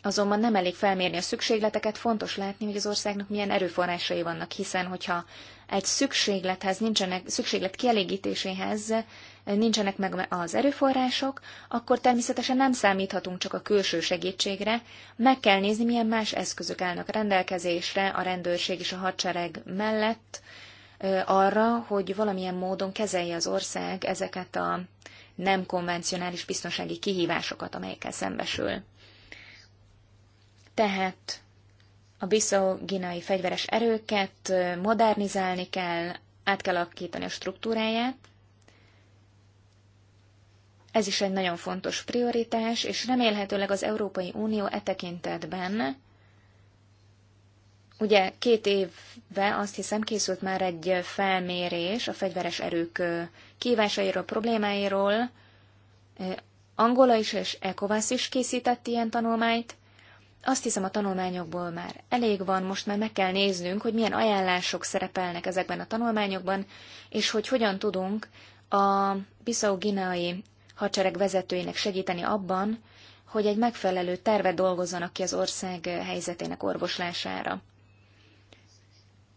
azonban nem elég felmérni a szükségleteket, fontos látni, hogy az országnak milyen erőforrásai vannak, hiszen hogyha egy szükséglethez, nincsenek, szükséglet kielégítéséhez eh, nincsenek meg az erőforrások, akkor természetesen nem számíthatunk csak a külső segítségre, meg kell nézni, milyen más eszközök állnak rendelkezésre a rendőrség és a hadsereg mellett, eh, arra, hogy valamilyen módon kezelje az ország ezeket a nem konvencionális biztonsági kihívásokat, amelyekkel szembesül. Tehát a biszoginai ginai fegyveres erőket, modernizálni kell, át kell alakítani a struktúráját. Ez is egy nagyon fontos prioritás, és remélhetőleg az Európai Unió e tekintetben, ugye két évve azt hiszem készült már egy felmérés a fegyveres erők kívásairól, problémáiról, Angola is és ECOWAS is készített ilyen tanulmányt, azt hiszem, a tanulmányokból már elég van, most már meg kell néznünk, hogy milyen ajánlások szerepelnek ezekben a tanulmányokban, és hogy hogyan tudunk a bissau gineai hadsereg vezetőinek segíteni abban, hogy egy megfelelő terve dolgozzanak ki az ország helyzetének orvoslására.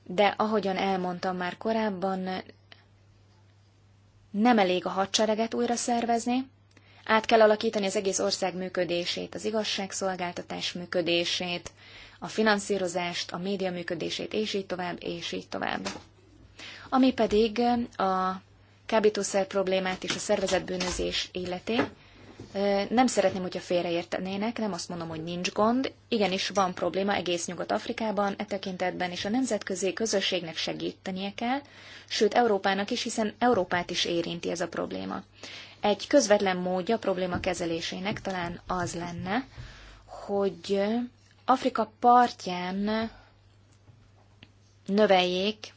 De ahogyan elmondtam már korábban, nem elég a hadsereget újra szervezni, át kell alakítani az egész ország működését, az igazságszolgáltatás működését, a finanszírozást, a média működését, és így tovább, és így tovább. Ami pedig a kábítószer problémát és a szervezetbűnözés illeti, nem szeretném, hogyha félreértenének, nem azt mondom, hogy nincs gond, igenis van probléma egész Nyugat-Afrikában e tekintetben, és a nemzetközi közösségnek segítenie kell, sőt Európának is, hiszen Európát is érinti ez a probléma. Egy közvetlen módja a probléma kezelésének talán az lenne, hogy Afrika partján növeljék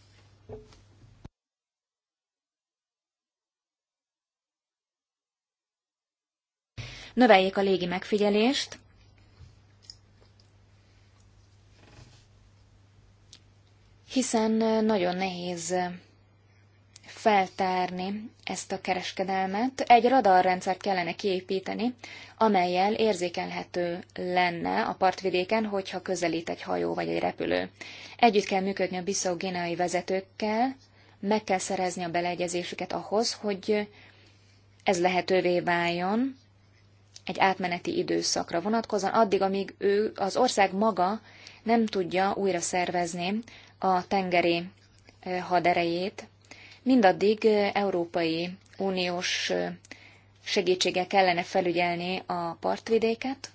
növeljék a légi megfigyelést, hiszen nagyon nehéz feltárni ezt a kereskedelmet. Egy radarrendszert kellene kiépíteni, amelyel érzékelhető lenne a partvidéken, hogyha közelít egy hajó vagy egy repülő. Együtt kell működni a bissau vezetőkkel, meg kell szerezni a beleegyezésüket ahhoz, hogy ez lehetővé váljon egy átmeneti időszakra vonatkozóan, addig, amíg ő, az ország maga nem tudja újra szervezni a tengeri eh, haderejét, mindaddig Európai Uniós segítséggel kellene felügyelni a partvidéket.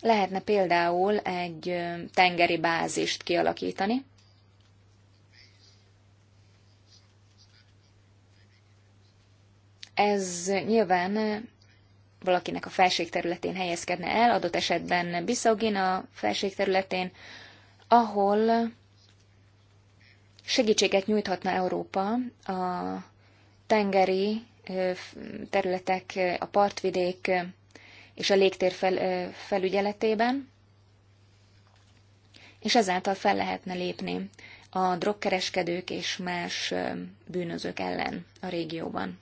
Lehetne például egy tengeri bázist kialakítani, ez nyilván valakinek a felség területén helyezkedne el, adott esetben Bisszaugin a felség területén, ahol segítséget nyújthatna Európa a tengeri területek, a partvidék és a légtér fel, felügyeletében, és ezáltal fel lehetne lépni a drogkereskedők és más bűnözők ellen a régióban.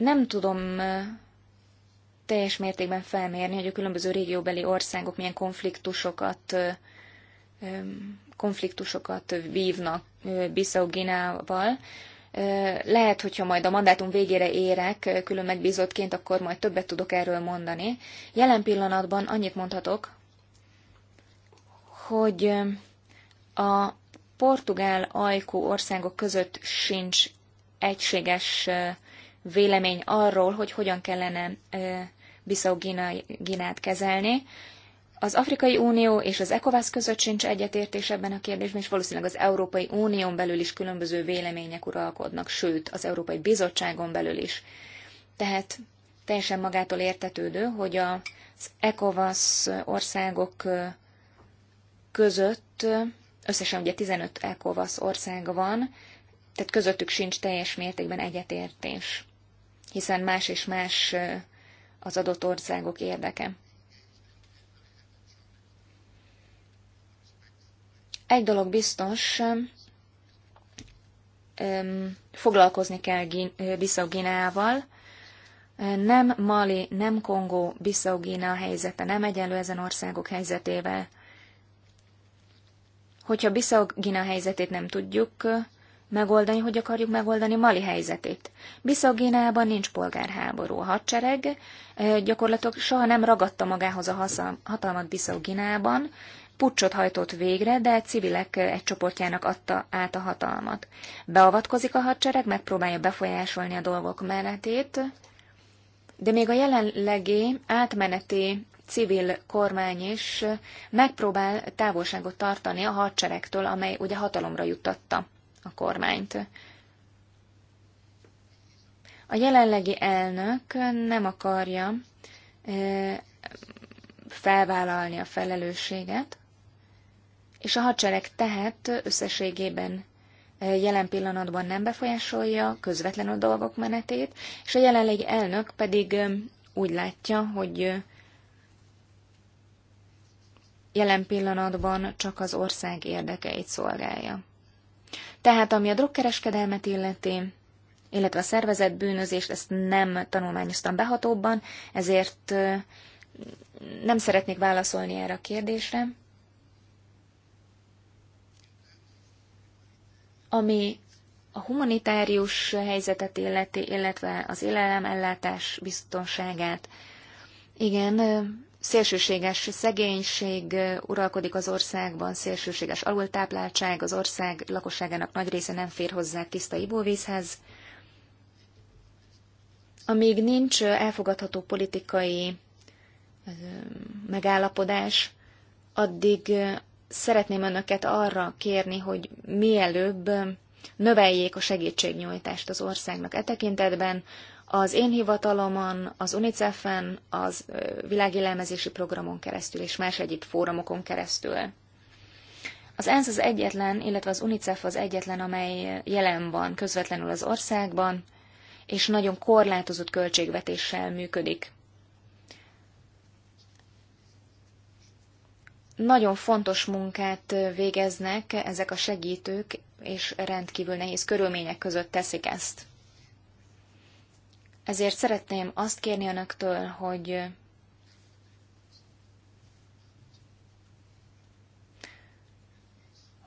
nem tudom teljes mértékben felmérni, hogy a különböző régióbeli országok milyen konfliktusokat konfliktusokat vívnak Bissau Ginával. Lehet, hogyha majd a mandátum végére érek külön megbízottként, akkor majd többet tudok erről mondani. Jelen pillanatban annyit mondhatok, hogy a portugál ajkú országok között sincs egységes vélemény arról, hogy hogyan kellene Bissau Ginát kezelni. Az Afrikai Unió és az ECOWAS között sincs egyetértés ebben a kérdésben, és valószínűleg az Európai Unión belül is különböző vélemények uralkodnak, sőt, az Európai Bizottságon belül is. Tehát teljesen magától értetődő, hogy az ECOWAS országok között, összesen ugye 15 ECOWAS ország van, tehát közöttük sincs teljes mértékben egyetértés hiszen más és más az adott országok érdeke. Egy dolog biztos, foglalkozni kell Bissau Gineával. Nem Mali, nem Kongó, Bissau Gina helyzete nem egyenlő ezen országok helyzetével. Hogyha Bissau helyzetét nem tudjuk megoldani, hogy akarjuk megoldani Mali helyzetét. bissau nincs polgárháború. A hadsereg gyakorlatok soha nem ragadta magához a hatalmat bissau pucsot hajtott végre, de civilek egy csoportjának adta át a hatalmat. Beavatkozik a hadsereg, megpróbálja befolyásolni a dolgok menetét, de még a jelenlegi átmeneti civil kormány is megpróbál távolságot tartani a hadseregtől, amely ugye hatalomra juttatta a kormányt. A jelenlegi elnök nem akarja felvállalni a felelősséget, és a hadsereg tehát összességében jelen pillanatban nem befolyásolja közvetlen a dolgok menetét, és a jelenlegi elnök pedig úgy látja, hogy jelen pillanatban csak az ország érdekeit szolgálja. Tehát ami a drogkereskedelmet illeti, illetve a szervezett bűnözést, ezt nem tanulmányoztam behatóbban, ezért nem szeretnék válaszolni erre a kérdésre. Ami a humanitárius helyzetet illeti, illetve az élelem ellátás biztonságát. Igen, szélsőséges szegénység uralkodik az országban, szélsőséges alultápláltság, az ország lakosságának nagy része nem fér hozzá tiszta ivóvízhez. Amíg nincs elfogadható politikai megállapodás, addig szeretném önöket arra kérni, hogy mielőbb növeljék a segítségnyújtást az országnak e tekintetben, az én hivatalomon, az UNICEF-en, az világélelmezési programon keresztül és más egyéb fórumokon keresztül. Az ENSZ az egyetlen, illetve az UNICEF az egyetlen, amely jelen van közvetlenül az országban, és nagyon korlátozott költségvetéssel működik. Nagyon fontos munkát végeznek ezek a segítők, és rendkívül nehéz körülmények között teszik ezt. Ezért szeretném azt kérni önöktől, hogy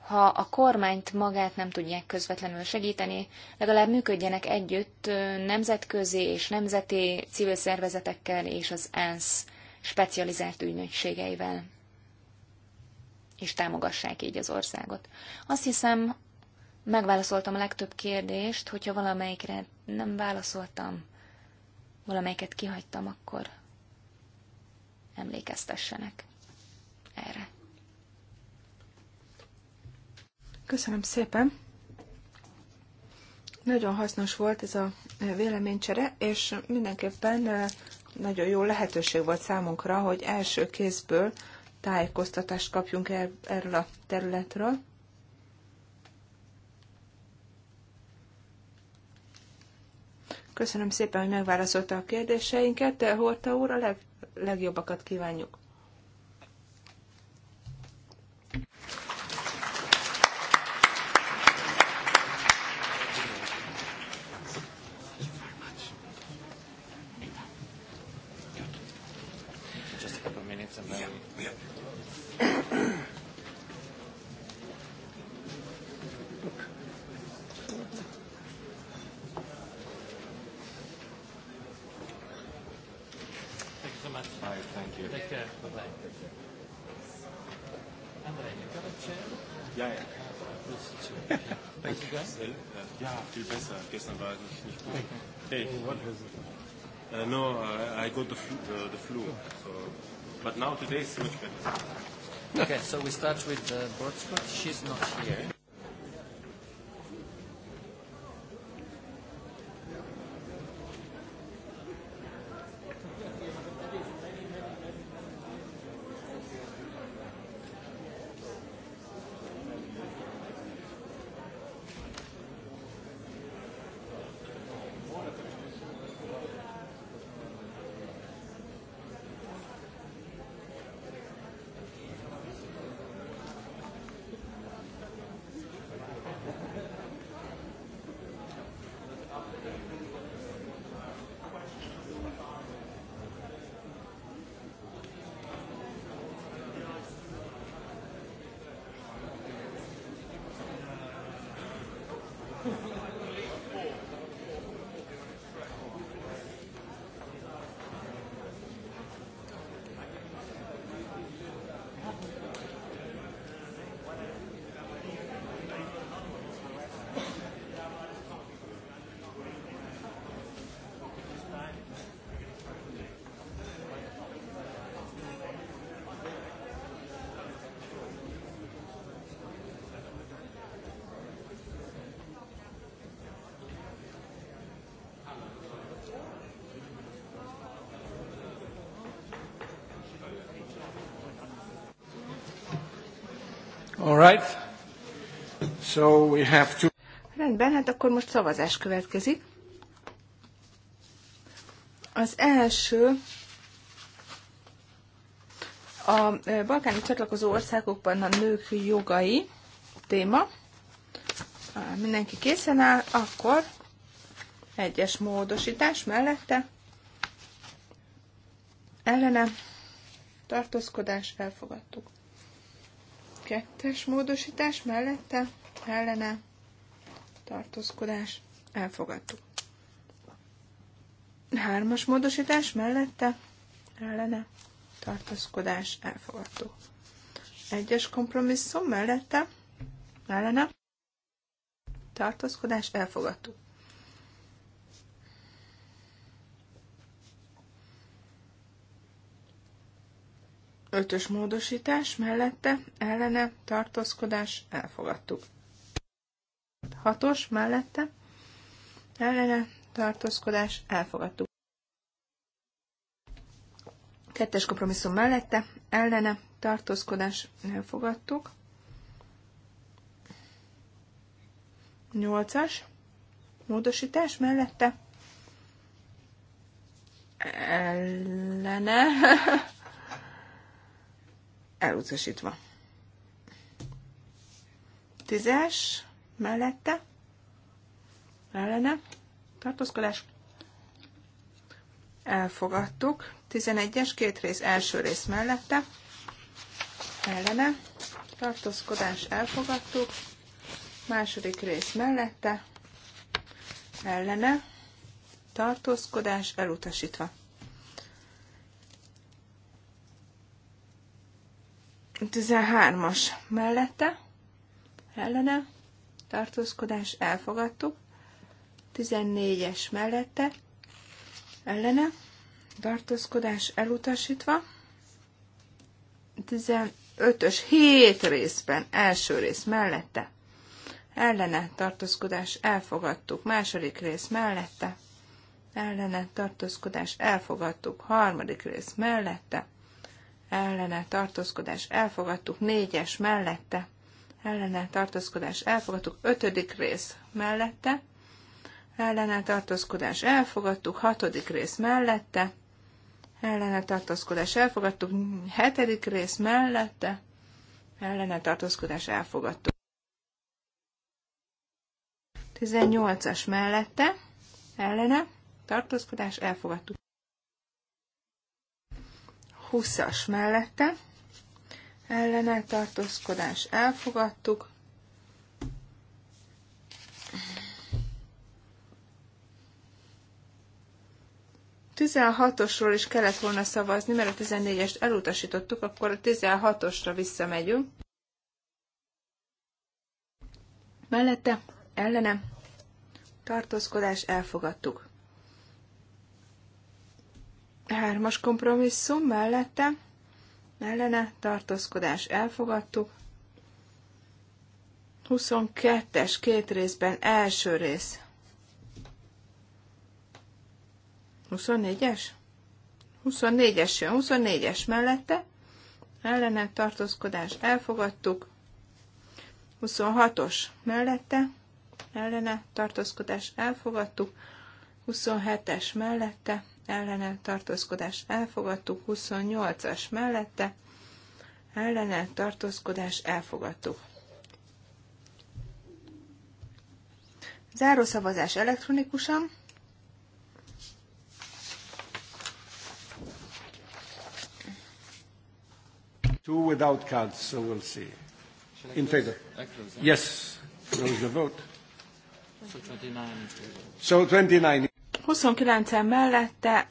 ha a kormányt magát nem tudják közvetlenül segíteni, legalább működjenek együtt nemzetközi és nemzeti civil szervezetekkel és az ENSZ specializált ügynökségeivel, és támogassák így az országot. Azt hiszem, megválaszoltam a legtöbb kérdést, hogyha valamelyikre nem válaszoltam, valamelyiket kihagytam, akkor emlékeztessenek erre. Köszönöm szépen! Nagyon hasznos volt ez a e, véleménycsere, és mindenképpen e, nagyon jó lehetőség volt számunkra, hogy első kézből tájékoztatást kapjunk er, erről a területről. Köszönöm szépen, hogy megválaszolta a kérdéseinket. Horta úr, a leg, legjobbakat kívánjuk. today is so Okay, so we start with uh, Brodskot. She's not here. right. So we have to... Rendben, hát akkor most szavazás következik. Az első a e, balkáni csatlakozó országokban a nők jogai téma. mindenki készen áll, akkor egyes módosítás mellette ellene tartózkodás elfogadtuk. Kettes módosítás mellette ellene tartózkodás elfogadtuk. Hármas módosítás mellette ellene tartózkodás elfogadtuk. Egyes kompromisszum mellette ellene tartózkodás elfogadtuk. Ötös módosítás mellette ellene tartózkodás elfogadtuk. Hatos mellette ellene tartózkodás elfogadtuk. Kettes kompromisszum mellette ellene tartózkodás elfogadtuk. Nyolcas módosítás mellette ellene elutasítva. Tízes mellette ellene tartózkodás. Elfogadtuk. Tizenegyes két rész első rész mellette ellene tartózkodás elfogadtuk. Második rész mellette ellene tartózkodás elutasítva. 13-as mellette, ellene, tartózkodás, elfogadtuk. 14-es mellette, ellene, tartózkodás, elutasítva. 15-ös, 7 részben, első rész mellette, ellene, tartózkodás, elfogadtuk. Második rész mellette, ellene, tartózkodás, elfogadtuk. Harmadik rész mellette, ellene tartózkodás elfogadtuk, négyes mellette ellene tartózkodás elfogadtuk, ötödik rész mellette ellene tartózkodás elfogadtuk, hatodik rész mellette ellene tartózkodás elfogadtuk, hetedik rész mellette ellene tartózkodás elfogadtuk. 18-as mellette ellene tartózkodás elfogadtuk. 20-as mellette, ellene tartózkodás elfogadtuk. 16-osról is kellett volna szavazni, mert a 14-est elutasítottuk, akkor a 16-osra visszamegyünk. Mellette, ellene, tartózkodás elfogadtuk. Hármas kompromisszum mellette ellene tartózkodás elfogadtuk. 22-es két részben első rész. 24-es? 24-es jön, 24-es mellette. Ellene tartózkodás elfogadtuk. 26-os mellette. Ellene tartózkodás elfogadtuk. 27-es mellette ellene tartózkodás elfogadtuk, 28-as mellette ellene tartózkodás elfogadtuk. Zárószavazás elektronikusan. Two without cards, so we'll see. In favor. Yes. Close the vote. So 29. 29-en mellette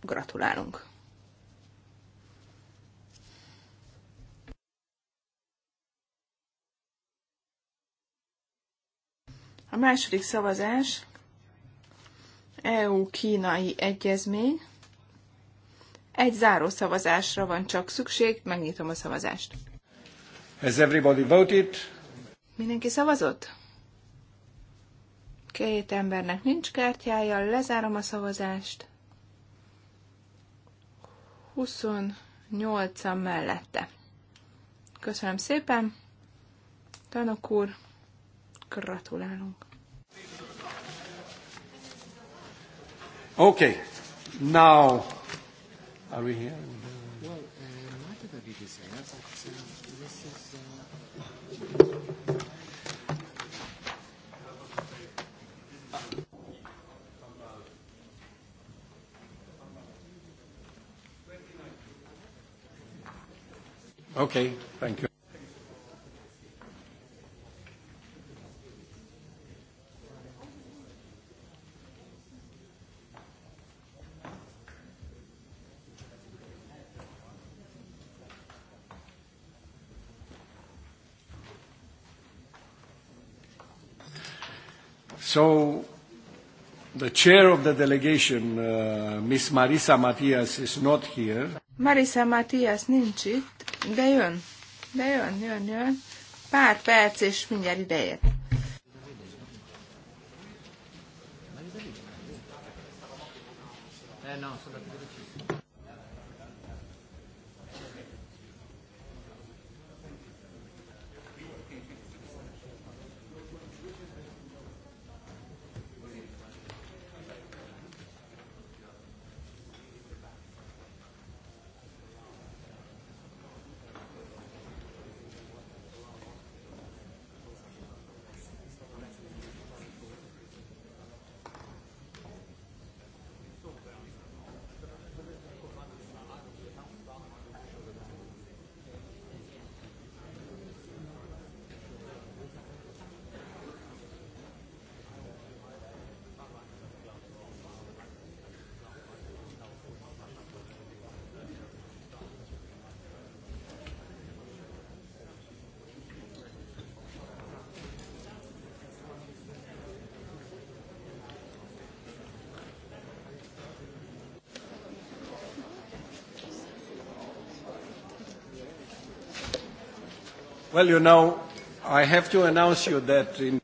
gratulálunk. A második szavazás EU-kínai egyezmény. Egy záró szavazásra van csak szükség, megnyitom a szavazást. Has everybody voted? Mindenki szavazott? Két embernek nincs kártyája, lezárom a szavazást. 28-an mellette. Köszönöm szépen. Tanok úr, gratulálunk. Okay, now are we here? Okay, thank you. So, the chair of the delegation, uh, Miss Marisa Matias, is not here. Marisa Matias nincs itt. De jön, de jön, jön, jön. Pár perc, és mindjárt ideért. Eh no, sono Well, you know, I have to announce you that in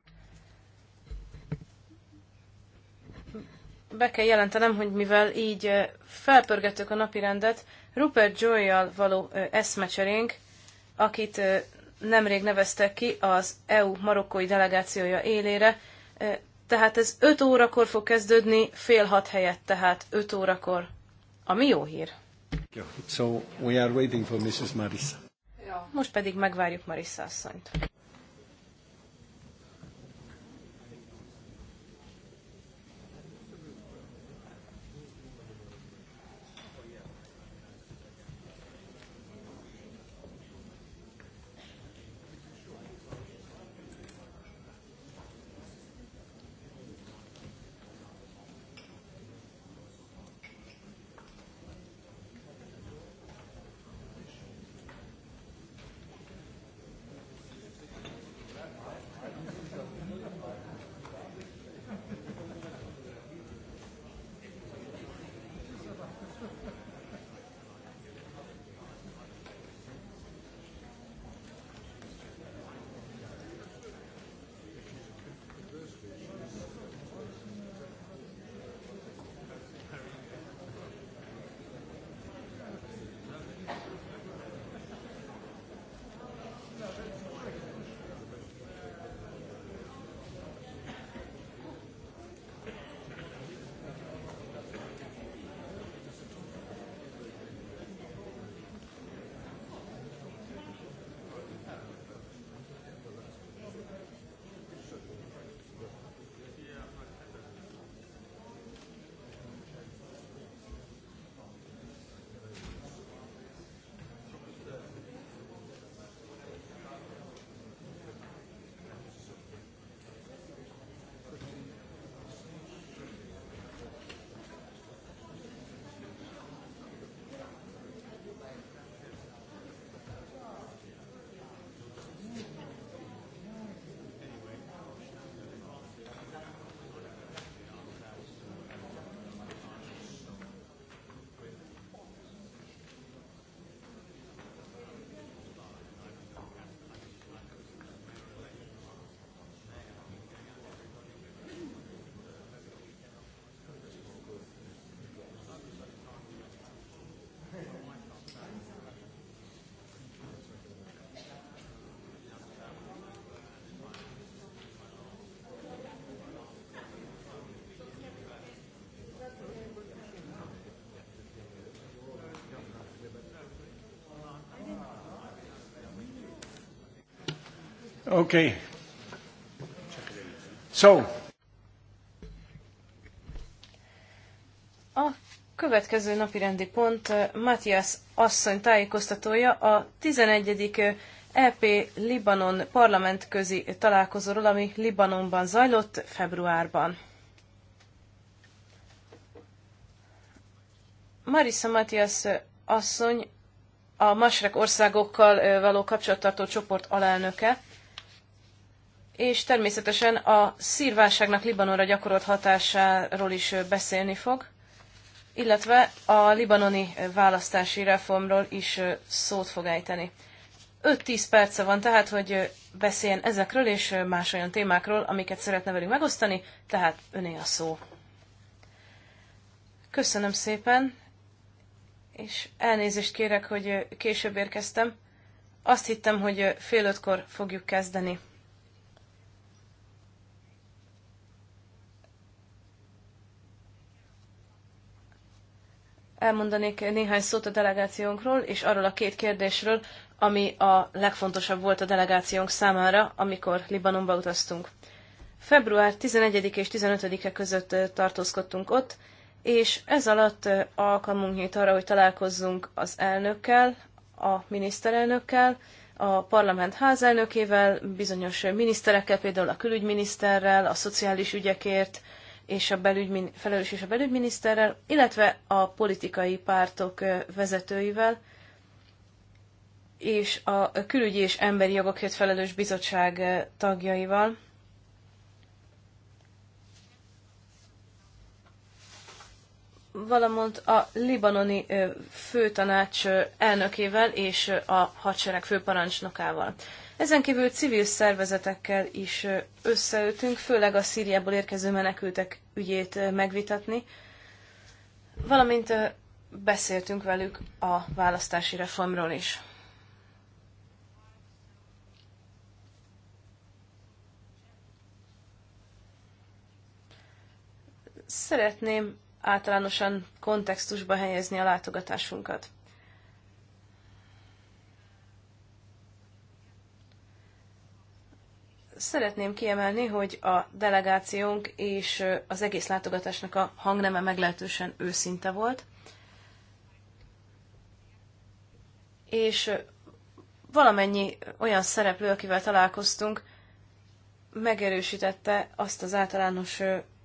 be kell jelentenem, hogy mivel így felpörgettük a rendet, Rupert Joy-jal való eszmecserénk, akit nemrég neveztek ki az EU marokkói delegációja élére, tehát ez 5 órakor fog kezdődni, fél hat helyett, tehát 5 órakor. Ami jó hír. So we are waiting for Mrs. Marissa. Most pedig megvárjuk Marissa asszonyt. Okay. So. A következő napi rendi pont eh, Matthias asszony tájékoztatója a 11. EP eh, e Libanon parlamentközi találkozóról, ami Libanonban zajlott februárban. Marissa Matthias eh, asszony a Masrek országokkal való kapcsolattartó csoport alelnöke, és természetesen a szírválságnak Libanonra gyakorolt hatásáról is beszélni fog, illetve a libanoni választási reformról is szót fog ejteni. 5-10 perce van tehát, hogy beszéljen ezekről és más olyan témákról, amiket szeretne velünk megosztani, tehát öné a szó. Köszönöm szépen, és elnézést kérek, hogy később érkeztem. Azt hittem, hogy fél ötkor fogjuk kezdeni. elmondanék néhány szót a delegációnkról, és arról a két kérdésről, ami a legfontosabb volt a delegációnk számára, amikor Libanonba utaztunk. Február 11 és 15-e között tartózkodtunk ott, és ez alatt alkalmunk nyílt arra, hogy találkozzunk az elnökkel, a miniszterelnökkel, a parlament házelnökével, bizonyos miniszterekkel, például a külügyminiszterrel, a szociális ügyekért, és a belügymin, felelős és a belügyminiszterrel, illetve a politikai pártok vezetőivel, és a külügyi és emberi jogokért felelős bizottság tagjaival. valamint a libanoni főtanács elnökével és a hadsereg főparancsnokával. Ezen kívül civil szervezetekkel is összeültünk, főleg a Szíriából érkező menekültek ügyét megvitatni, valamint beszéltünk velük a választási reformról is. Szeretném általánosan kontextusba helyezni a látogatásunkat. szeretném kiemelni, hogy a delegációnk és az egész látogatásnak a hangneme meglehetősen őszinte volt. És valamennyi olyan szereplő, akivel találkoztunk, megerősítette azt az általános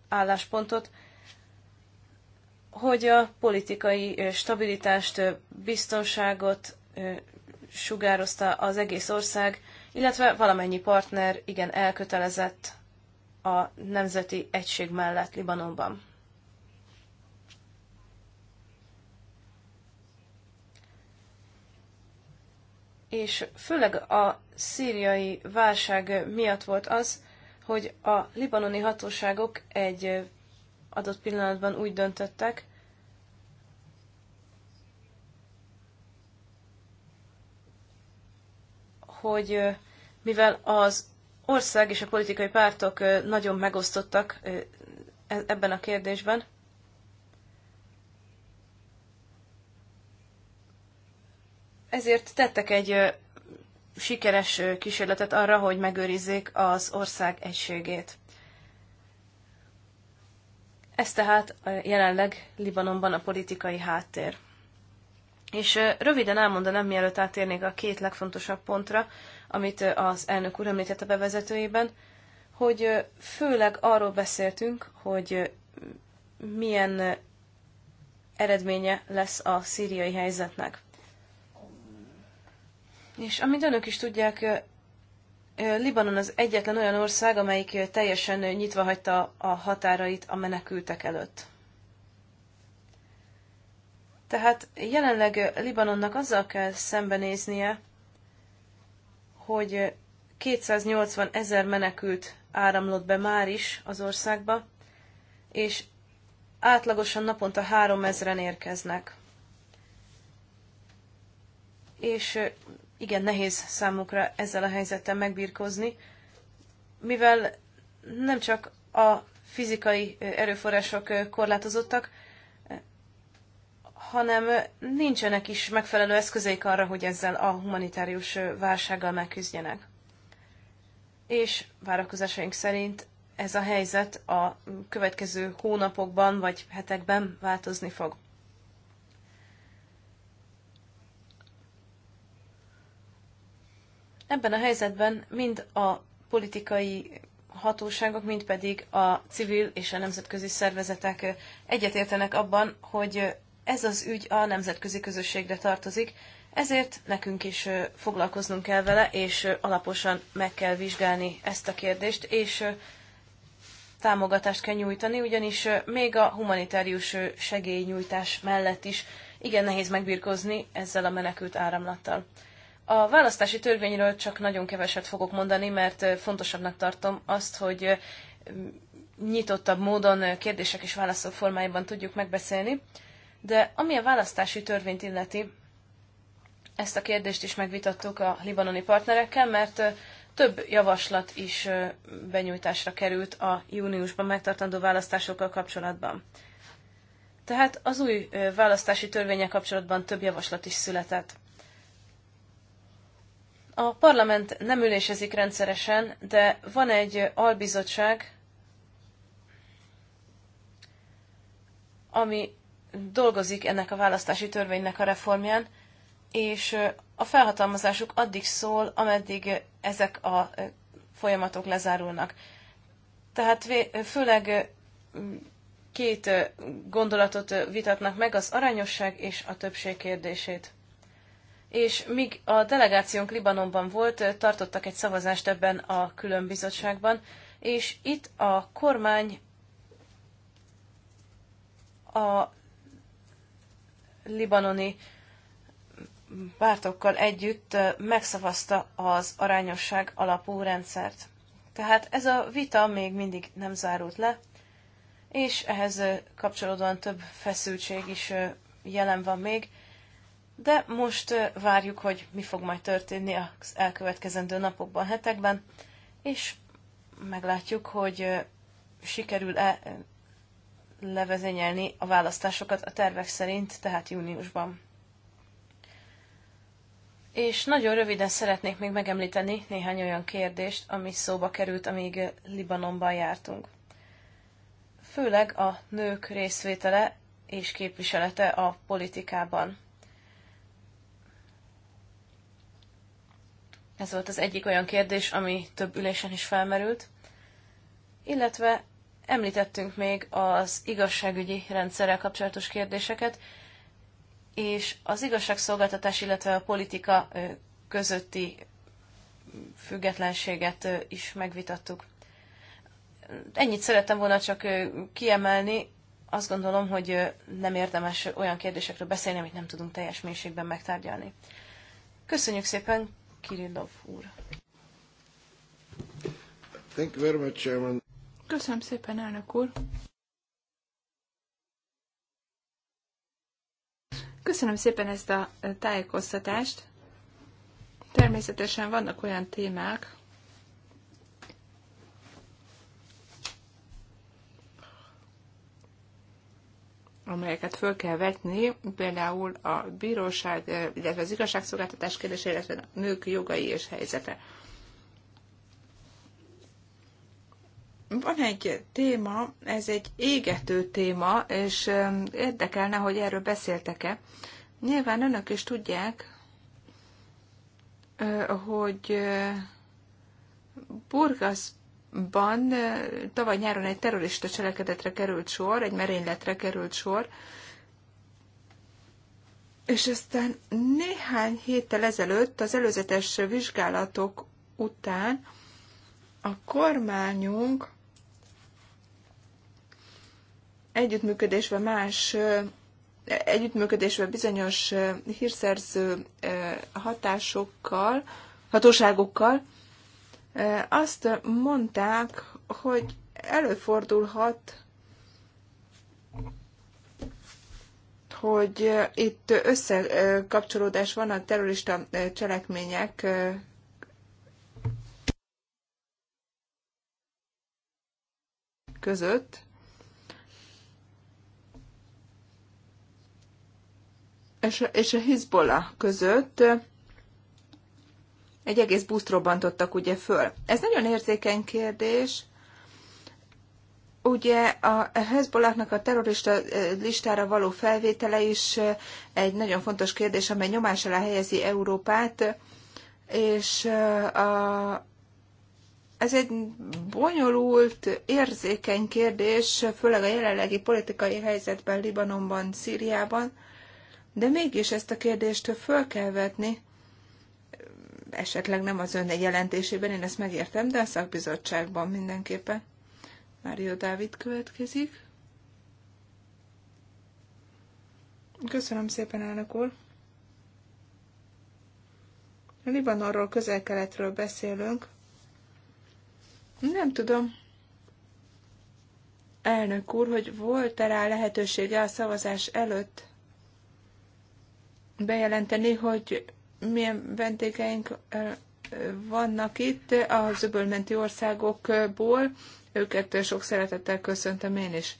álláspontot, hogy a politikai stabilitást, biztonságot sugározta az egész ország, illetve valamennyi partner igen elkötelezett a nemzeti egység mellett Libanonban. És főleg a szíriai válság miatt volt az, hogy a libanoni hatóságok egy adott pillanatban úgy döntöttek, hogy mivel az ország és a politikai pártok nagyon megosztottak e-, ebben a kérdésben, ezért tettek egy sikeres kísérletet arra, hogy megőrizzék az ország egységét. Ez tehát jelenleg Libanonban a politikai háttér. És röviden elmondanám, mielőtt átérnék a két legfontosabb pontra, amit az elnök úr említett a bevezetőjében, hogy főleg arról beszéltünk, hogy milyen eredménye lesz a szíriai helyzetnek. És amit önök is tudják, Libanon az egyetlen olyan ország, amelyik teljesen nyitva hagyta a határait a menekültek előtt. Tehát jelenleg Libanonnak azzal kell szembenéznie, hogy 280 ezer menekült áramlott be már is az országba, és átlagosan naponta 3 ezeren érkeznek. És igen, nehéz számukra ezzel a helyzettel megbírkozni, mivel nem csak a fizikai erőforrások korlátozottak, hanem nincsenek is megfelelő eszközeik arra, hogy ezzel a humanitárius válsággal megküzdjenek. És várakozásaink szerint ez a helyzet a következő hónapokban vagy hetekben változni fog. Ebben a helyzetben mind a politikai hatóságok, mind pedig a civil és a nemzetközi szervezetek egyetértenek abban, hogy ez az ügy a nemzetközi közösségre tartozik, ezért nekünk is foglalkoznunk kell vele, és alaposan meg kell vizsgálni ezt a kérdést, és támogatást kell nyújtani, ugyanis még a humanitárius segélynyújtás mellett is igen nehéz megbirkozni ezzel a menekült áramlattal. A választási törvényről csak nagyon keveset fogok mondani, mert fontosabbnak tartom azt, hogy nyitottabb módon kérdések és válaszok formájában tudjuk megbeszélni. De ami a választási törvényt illeti, ezt a kérdést is megvitattuk a libanoni partnerekkel, mert több javaslat is benyújtásra került a júniusban megtartandó választásokkal kapcsolatban. Tehát az új választási törvénye kapcsolatban több javaslat is született. A parlament nem ülésezik rendszeresen, de van egy albizottság, ami dolgozik ennek a választási törvénynek a reformján, és a felhatalmazásuk addig szól, ameddig ezek a folyamatok lezárulnak. Tehát főleg két gondolatot vitatnak meg, az arányosság és a többség kérdését. És míg a delegációnk Libanonban volt, tartottak egy szavazást ebben a bizottságban, és itt a kormány a libanoni pártokkal együtt megszavazta az arányosság alapú rendszert. Tehát ez a vita még mindig nem zárult le, és ehhez kapcsolódóan több feszültség is jelen van még, de most várjuk, hogy mi fog majd történni az elkövetkezendő napokban, hetekben, és meglátjuk, hogy sikerül-e levezényelni a választásokat a tervek szerint, tehát júniusban. És nagyon röviden szeretnék még megemlíteni néhány olyan kérdést, ami szóba került, amíg Libanonban jártunk. Főleg a nők részvétele és képviselete a politikában. Ez volt az egyik olyan kérdés, ami több ülésen is felmerült. Illetve Említettünk még az igazságügyi rendszerrel kapcsolatos kérdéseket, és az igazságszolgáltatás, illetve a politika közötti függetlenséget is megvitattuk. Ennyit szerettem volna csak kiemelni. Azt gondolom, hogy nem érdemes olyan kérdésekről beszélni, amit nem tudunk teljes mélységben megtárgyalni. Köszönjük szépen, Kirillov úr! Thank you very much, Chairman. Köszönöm szépen, elnök úr. Köszönöm szépen ezt a tájékoztatást. Természetesen vannak olyan témák, amelyeket föl kell vetni, például a bíróság, illetve az igazságszolgáltatás kérdése, illetve a nők jogai és helyzete. Van egy téma, ez egy égető téma, és érdekelne, hogy erről beszéltek-e. Nyilván önök is tudják, hogy Burgaszban tavaly nyáron egy terrorista cselekedetre került sor, egy merényletre került sor, és aztán néhány héttel ezelőtt, az előzetes vizsgálatok után a kormányunk együttműködésben más együttműködésben bizonyos hírszerző hatásokkal, hatóságokkal, azt mondták, hogy előfordulhat, hogy itt összekapcsolódás van a terrorista cselekmények között. és, és a Hezbollah között egy egész buszt robbantottak ugye föl. Ez nagyon érzékeny kérdés. Ugye a Hezbollahnak a terrorista listára való felvétele is egy nagyon fontos kérdés, amely nyomás alá helyezi Európát, és a, ez egy bonyolult, érzékeny kérdés, főleg a jelenlegi politikai helyzetben, Libanonban, Szíriában de mégis ezt a kérdést föl kell vetni, esetleg nem az ön jelentésében, én ezt megértem, de a szakbizottságban mindenképpen. Mário Dávid következik. Köszönöm szépen, elnök úr. A Libanonról, közel-keletről beszélünk. Nem tudom, elnök úr, hogy volt-e rá lehetősége a szavazás előtt bejelenteni, hogy milyen vendégeink vannak itt az öbölmenti országokból. Őket sok szeretettel köszöntöm én is.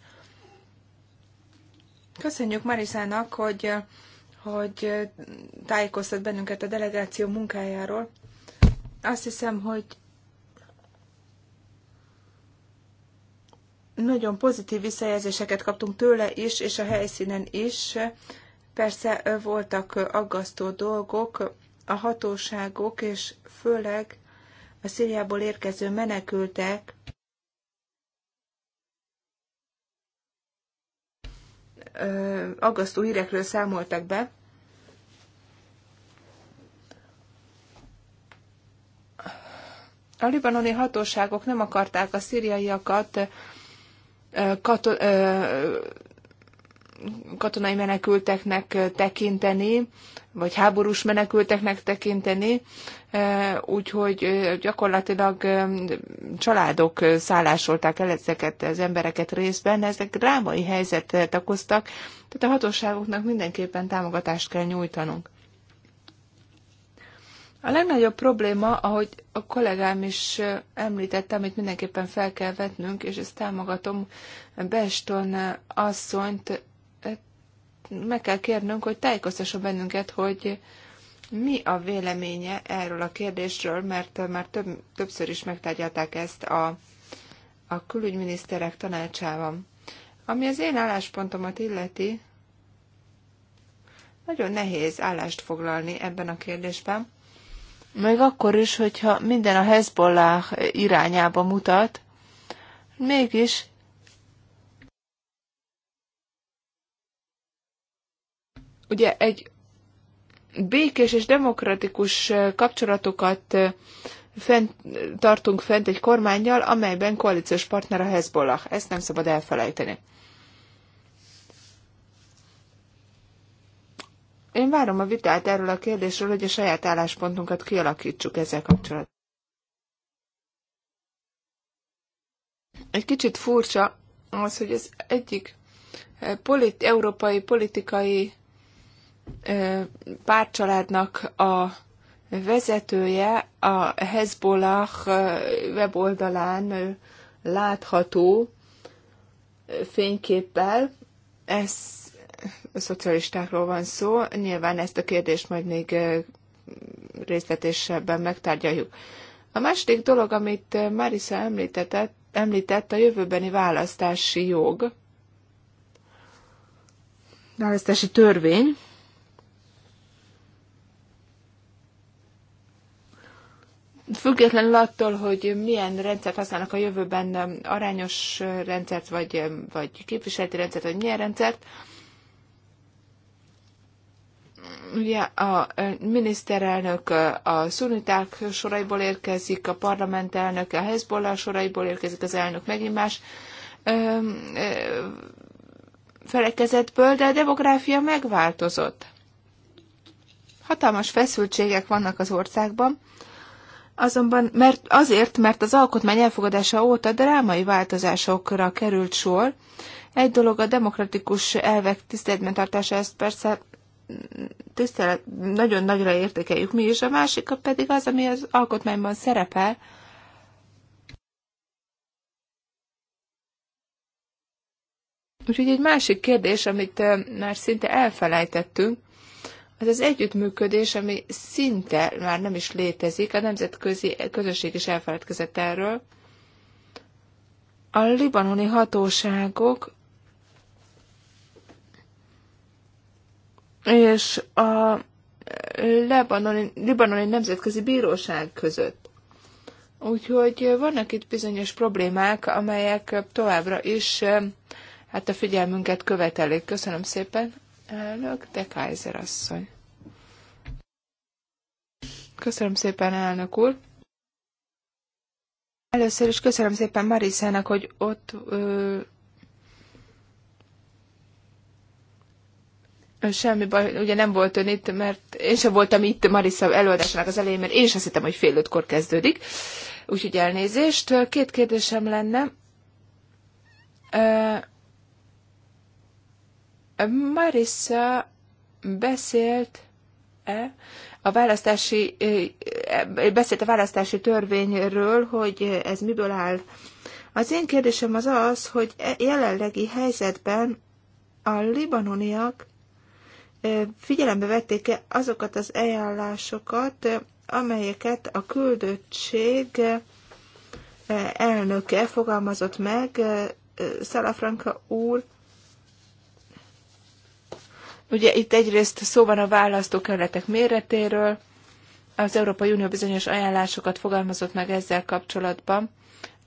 Köszönjük Marisának, hogy, hogy tájékoztat bennünket a delegáció munkájáról. Azt hiszem, hogy nagyon pozitív visszajelzéseket kaptunk tőle is, és a helyszínen is Persze voltak aggasztó dolgok, a hatóságok és főleg a Szíriából érkező menekültek aggasztó hírekről számoltak be. A libanoni hatóságok nem akarták a szíriaiakat katon, katonai menekülteknek tekinteni, vagy háborús menekülteknek tekinteni, úgyhogy gyakorlatilag családok szállásolták el ezeket az embereket részben, ezek drámai helyzetet okoztak, tehát a hatóságoknak mindenképpen támogatást kell nyújtanunk. A legnagyobb probléma, ahogy a kollégám is említette, amit mindenképpen fel kell vetnünk, és ezt támogatom, Beston asszonyt meg kell kérnünk, hogy tájékoztassa bennünket, hogy mi a véleménye erről a kérdésről, mert már több, többször is megtárgyalták ezt a, a külügyminiszterek tanácsában. Ami az én álláspontomat illeti, nagyon nehéz állást foglalni ebben a kérdésben. Még akkor is, hogyha minden a Hezbollah irányába mutat, mégis ugye egy békés és demokratikus kapcsolatokat fent, tartunk fent egy kormányjal, amelyben koalíciós partner a Hezbollah. Ezt nem szabad elfelejteni. Én várom a vitát erről a kérdésről, hogy a saját álláspontunkat kialakítsuk ezzel kapcsolatban. Egy kicsit furcsa az, hogy az egyik eh, politi- európai politikai pártcsaládnak a vezetője a Hezbollah weboldalán látható fényképpel. Ez a szocialistákról van szó. Nyilván ezt a kérdést majd még részletesebben megtárgyaljuk. A második dolog, amit Marisa említett, említett a jövőbeni választási jog, választási törvény, Függetlenül attól, hogy milyen rendszert használnak a jövőben, um, arányos uh, rendszert, vagy, um, vagy képviseleti rendszert, vagy milyen rendszert, ugye a uh, miniszterelnök uh, a szuniták soraiból érkezik, a parlamentelnök a Hezbollah soraiból érkezik, az elnök megint más um, felekezetből, de a demográfia megváltozott. Hatalmas feszültségek vannak az országban, azonban mert azért, mert az alkotmány elfogadása óta drámai változásokra került sor. Egy dolog a demokratikus elvek tiszteletben tartása, ezt persze tisztelet, nagyon nagyra értékeljük mi is, a másik pedig az, ami az alkotmányban szerepel, Úgyhogy egy másik kérdés, amit már szinte elfelejtettünk, az az együttműködés, ami szinte már nem is létezik, a nemzetközi közösség is elfeledkezett erről. A libanoni hatóságok és a libanoni, libanoni nemzetközi bíróság között. Úgyhogy vannak itt bizonyos problémák, amelyek továbbra is hát a figyelmünket követelik. Köszönöm szépen! Elnök, de Kaiser asszony. Köszönöm szépen, elnök úr. Először is köszönöm szépen Marisának, hogy ott ö, Semmi baj, ugye nem volt ön itt, mert én sem voltam itt Marissa előadásának az elején, mert én sem hittem, hogy fél ötkor kezdődik. Úgyhogy elnézést. Két kérdésem lenne. Marissa beszélt-e a választási, e, e, beszélt a választási törvényről, hogy ez miből áll. Az én kérdésem az az, hogy e, jelenlegi helyzetben a libanoniak figyelembe vették-e azokat az ajánlásokat, amelyeket a küldöttség elnöke fogalmazott meg, Szalafranka úr Ugye itt egyrészt szó van a választókerületek méretéről, az Európai Unió bizonyos ajánlásokat fogalmazott meg ezzel kapcsolatban.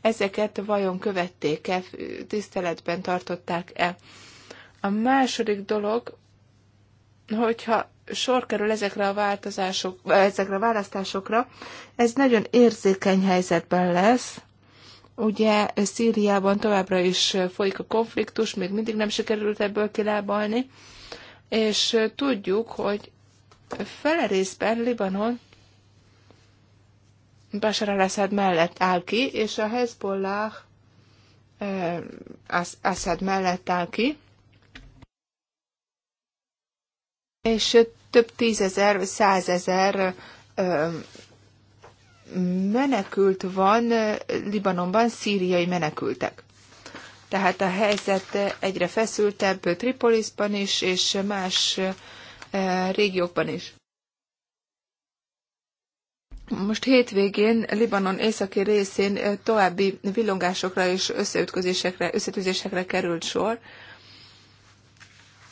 Ezeket vajon követték-e, tiszteletben tartották-e? A második dolog, hogyha sor kerül ezekre a, változások, ezekre a választásokra, ez nagyon érzékeny helyzetben lesz. Ugye Szíriában továbbra is folyik a konfliktus, még mindig nem sikerült ebből kilábalni és tudjuk, hogy fele részben Libanon Bashar al mellett áll ki, és a Hezbollah Assad mellett áll ki, és több tízezer, százezer menekült van Libanonban, szíriai menekültek. Tehát a helyzet egyre feszültebb Tripolisban is, és más eh, régiókban is. Most hétvégén Libanon északi részén eh, további villongásokra és összeütközésekre, összetűzésekre került sor.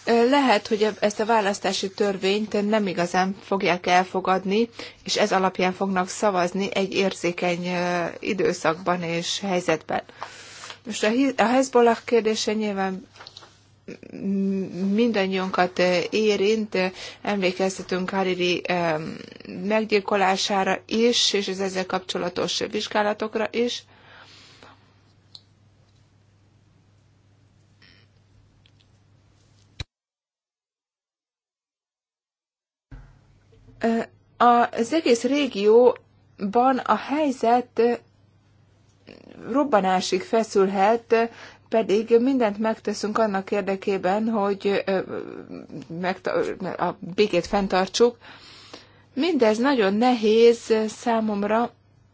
Eh, lehet, hogy ezt a választási törvényt nem igazán fogják elfogadni, és ez alapján fognak szavazni egy érzékeny időszakban és helyzetben. Most a Hezbollah kérdése nyilván mindannyiunkat eh, érint, emlékeztetünk Hariri meggyilkolására is, és az ezzel kapcsolatos vizsgálatokra is. Eh, az egész régióban a helyzet robbanásig feszülhet, pedig mindent megteszünk annak érdekében, hogy a békét fenntartsuk. Mindez nagyon nehéz számomra,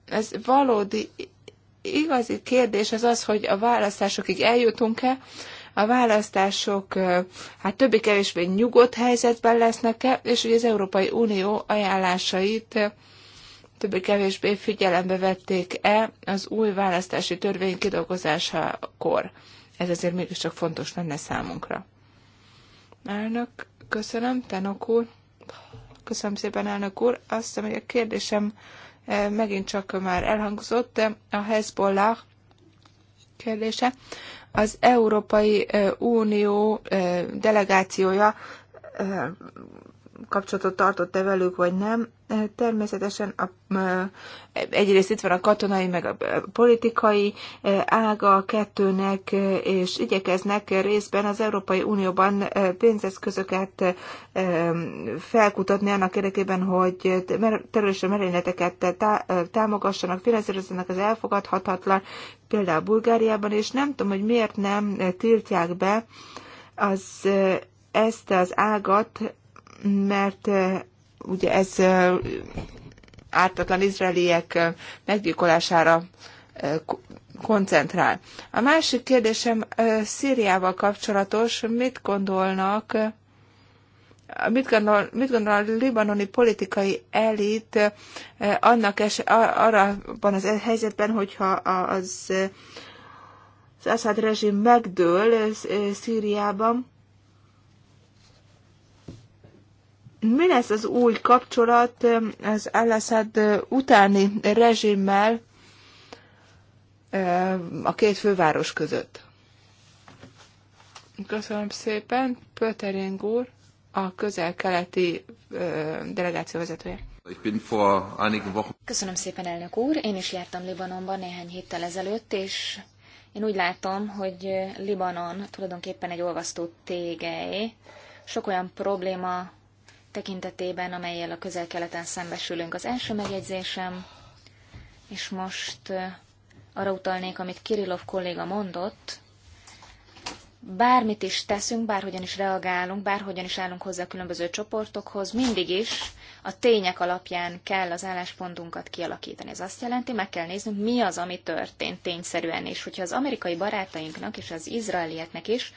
ez valódi igazi kérdés az az, hogy a választásokig eljutunk-e, a választások hát többé-kevésbé nyugodt helyzetben lesznek-e, és hogy az Európai Unió ajánlásait többé-kevésbé figyelembe vették-e az új választási törvény kidolgozásakor. Ez azért mégiscsak fontos lenne számunkra. Elnök, köszönöm, Tenok úr. Köszönöm szépen, elnök úr. Azt hiszem, hogy a kérdésem eh, megint csak már elhangzott, de a Hezbollah kérdése. Az Európai eh, Unió eh, delegációja kapcsolatot tartott-e velük, vagy nem. Eh, természetesen a, eh, egyrészt itt van a katonai, meg a eh, politikai ága a kettőnek, és igyekeznek részben az Európai Unióban pénzeszközöket felkutatni annak érdekében, hogy terrorista merényleteket támogassanak, finanszírozzanak az elfogadhatatlan, például Bulgáriában, és nem tudom, hogy miért nem tiltják be az ezt az ágat mert ugye ez ártatlan izraeliek meggyilkolására koncentrál. A másik kérdésem Szíriával kapcsolatos, mit gondolnak Mit gondol, mit gondol a libanoni politikai elit annak es, arra van az e-, helyzetben, hogyha az, az Assad rezsim megdől Szíriában, mi lesz az új kapcsolat az al utáni rezsimmel a két főváros között? Köszönöm szépen, Pöterén úr, a közel-keleti delegáció vezetője. Köszönöm szépen, elnök úr. Én is jártam Libanonban néhány héttel ezelőtt, és én úgy látom, hogy Libanon tulajdonképpen egy olvasztó tégely. Sok olyan probléma tekintetében, amelyel a közel-keleten szembesülünk. Az első megjegyzésem, és most arra utalnék, amit Kirillov kolléga mondott, bármit is teszünk, bárhogyan is reagálunk, bárhogyan is állunk hozzá a különböző csoportokhoz, mindig is a tények alapján kell az álláspontunkat kialakítani. Ez azt jelenti, meg kell néznünk, mi az, ami történt tényszerűen, és hogyha az amerikai barátainknak és az izraelieknek is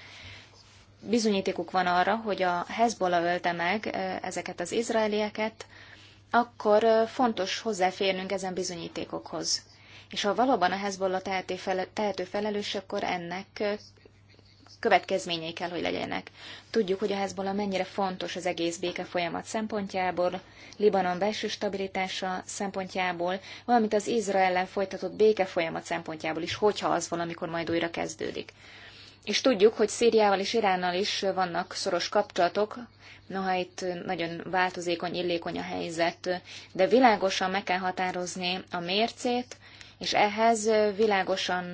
bizonyítékuk van arra, hogy a Hezbollah ölte meg ezeket az izraelieket, akkor fontos hozzáférnünk ezen bizonyítékokhoz. És ha valóban a Hezbollah tehető felelős, akkor ennek következményei kell, hogy legyenek. Tudjuk, hogy a Hezbollah mennyire fontos az egész béke folyamat szempontjából, Libanon belső stabilitása szempontjából, valamint az Izrael ellen folytatott béke folyamat szempontjából is, hogyha az valamikor majd újra kezdődik. És tudjuk, hogy Szíriával és Iránnal is vannak szoros kapcsolatok, noha itt nagyon változékony, illékony a helyzet, de világosan meg kell határozni a mércét, és ehhez világosan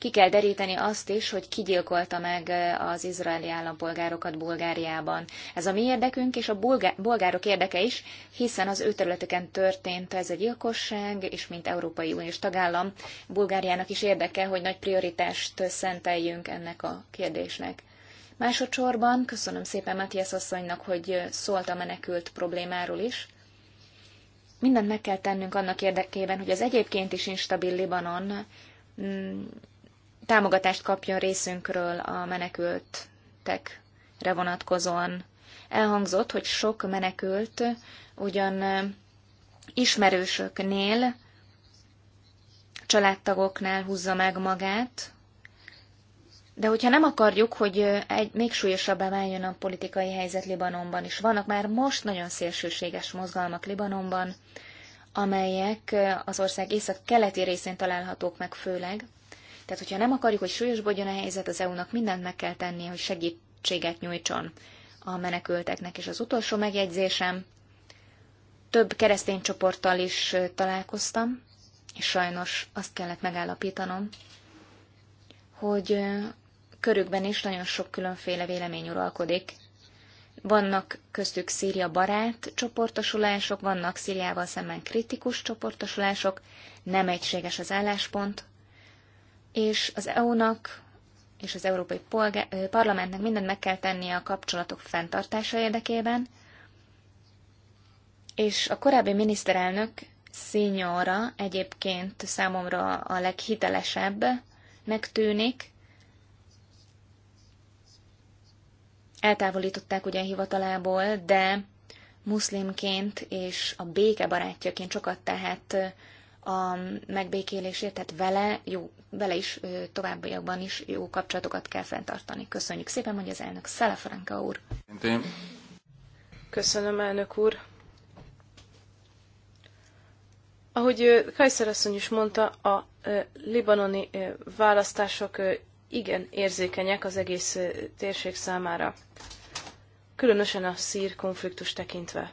ki kell deríteni azt is, hogy kigyilkolta meg az izraeli állampolgárokat Bulgáriában. Ez a mi érdekünk és a bolgárok érdeke is, hiszen az ő területeken történt ez a gyilkosság, és mint Európai Uniós tagállam, Bulgáriának is érdeke, hogy nagy prioritást szenteljünk ennek a kérdésnek. Másodszorban köszönöm szépen Matthias asszonynak, hogy szólt a menekült problémáról is. Mindent meg kell tennünk annak érdekében, hogy az egyébként is instabil Libanon mm, támogatást kapjon részünkről a menekültekre vonatkozóan. Elhangzott, hogy sok menekült ugyan ismerősöknél, családtagoknál húzza meg magát, de hogyha nem akarjuk, hogy egy még súlyosabbá váljon a politikai helyzet Libanonban, és vannak már most nagyon szélsőséges mozgalmak Libanonban, amelyek az ország észak-keleti részén találhatók meg főleg, tehát, hogyha nem akarjuk, hogy súlyosbodjon a helyzet, az EU-nak mindent meg kell tennie, hogy segítséget nyújtson a menekülteknek. És az utolsó megjegyzésem, több keresztény csoporttal is találkoztam, és sajnos azt kellett megállapítanom, hogy körükben is nagyon sok különféle vélemény uralkodik. Vannak köztük Szíria barát csoportosulások, vannak Szíriával szemben kritikus csoportosulások, nem egységes az álláspont, és az EU-nak és az Európai Polgár- Parlamentnek mindent meg kell tennie a kapcsolatok fenntartása érdekében, és a korábbi miniszterelnök Szinyóra egyébként számomra a leghitelesebbnek tűnik. Eltávolították a hivatalából, de muszlimként és a béke barátjaként sokat tehet a megbékélésért, tehát vele, jó, vele is továbbiakban is jó kapcsolatokat kell fenntartani. Köszönjük szépen, hogy az elnök Franka úr. Köszönöm, elnök úr. Ahogy Kajszer asszony is mondta, a libanoni választások igen érzékenyek az egész térség számára, különösen a szír konfliktus tekintve.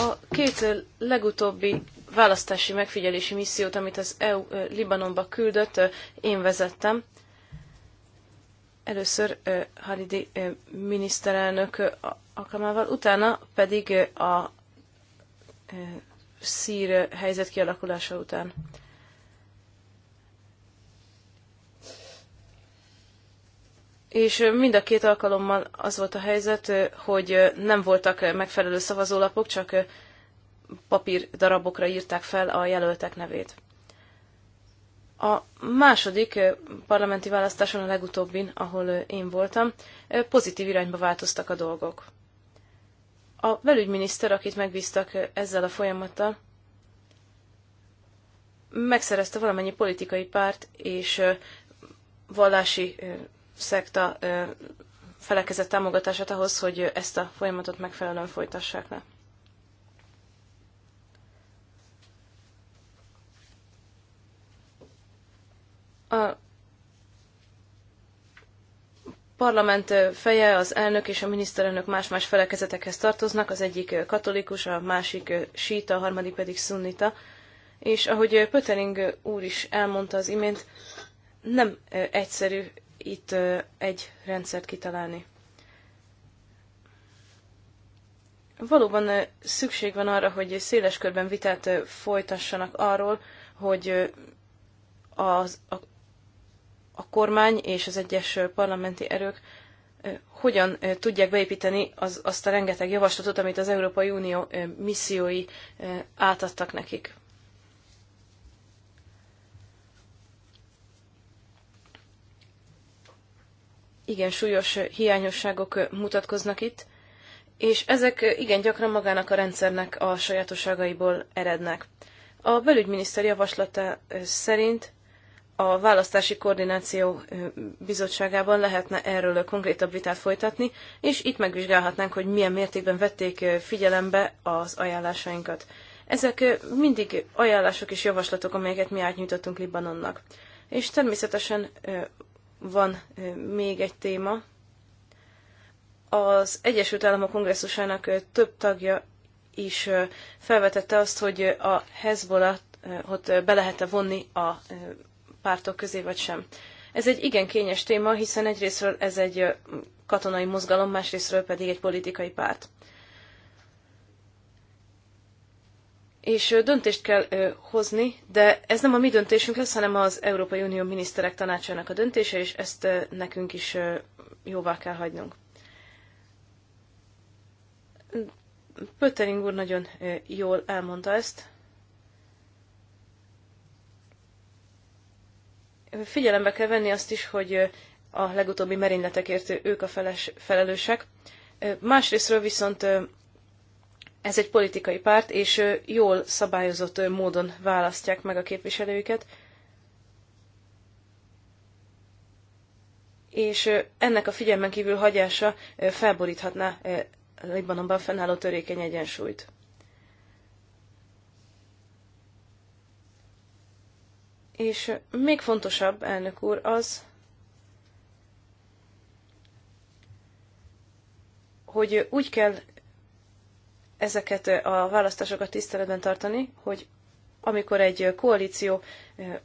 A két legutóbbi választási megfigyelési missziót, amit az EU Libanonba küldött, én vezettem. Először halidi miniszterelnök alkalmával, utána pedig a szír helyzet kialakulása után. és mind a két alkalommal az volt a helyzet, hogy nem voltak megfelelő szavazólapok, csak papír darabokra írták fel a jelöltek nevét. A második parlamenti választáson, a legutóbbin, ahol én voltam, pozitív irányba változtak a dolgok. A belügyminiszter, akit megbíztak ezzel a folyamattal, megszerezte valamennyi politikai párt és vallási szekta felekezett támogatását ahhoz, hogy ezt a folyamatot megfelelően folytassák le. A parlament feje, az elnök és a miniszterelnök más-más felekezetekhez tartoznak, az egyik katolikus, a másik síta, a harmadik pedig szunnita. És ahogy Pötering úr is elmondta az imént, nem egyszerű itt egy rendszert kitalálni. Valóban szükség van arra, hogy széles körben vitát folytassanak arról, hogy az, a, a kormány és az egyes parlamenti erők hogyan tudják beépíteni az, azt a rengeteg javaslatot, amit az Európai Unió missziói átadtak nekik. igen súlyos eh, hiányosságok eh, mutatkoznak itt, és ezek eh, igen gyakran magának a rendszernek a sajátosságaiból erednek. A belügyminiszter javaslata szerint a választási koordináció bizottságában lehetne erről konkrétabb vitát folytatni, és itt megvizsgálhatnánk, hogy milyen mértékben vették figyelembe az ajánlásainkat. Ezek mindig ajánlások és javaslatok, amelyeket mi átnyújtottunk Libanonnak. És természetesen van még egy téma. Az Egyesült Államok kongresszusának több tagja is felvetette azt, hogy a Hezbollah ott be lehet-e vonni a pártok közé, vagy sem. Ez egy igen kényes téma, hiszen egyrésztről ez egy katonai mozgalom, másrésztről pedig egy politikai párt. és döntést kell hozni, de ez nem a mi döntésünk lesz, hanem az Európai Unió miniszterek tanácsának a döntése, és ezt nekünk is jóvá kell hagynunk. Pöttering úr nagyon jól elmondta ezt. Figyelembe kell venni azt is, hogy a legutóbbi merényletekért ők a feles, felelősek. Másrésztről viszont ez egy politikai párt, és jól szabályozott módon választják meg a képviselőiket. És ennek a figyelmen kívül hagyása felboríthatná Libanonban fennálló törékeny egyensúlyt. És még fontosabb, elnök úr, az, hogy úgy kell ezeket a választásokat tiszteletben tartani, hogy amikor egy koalíció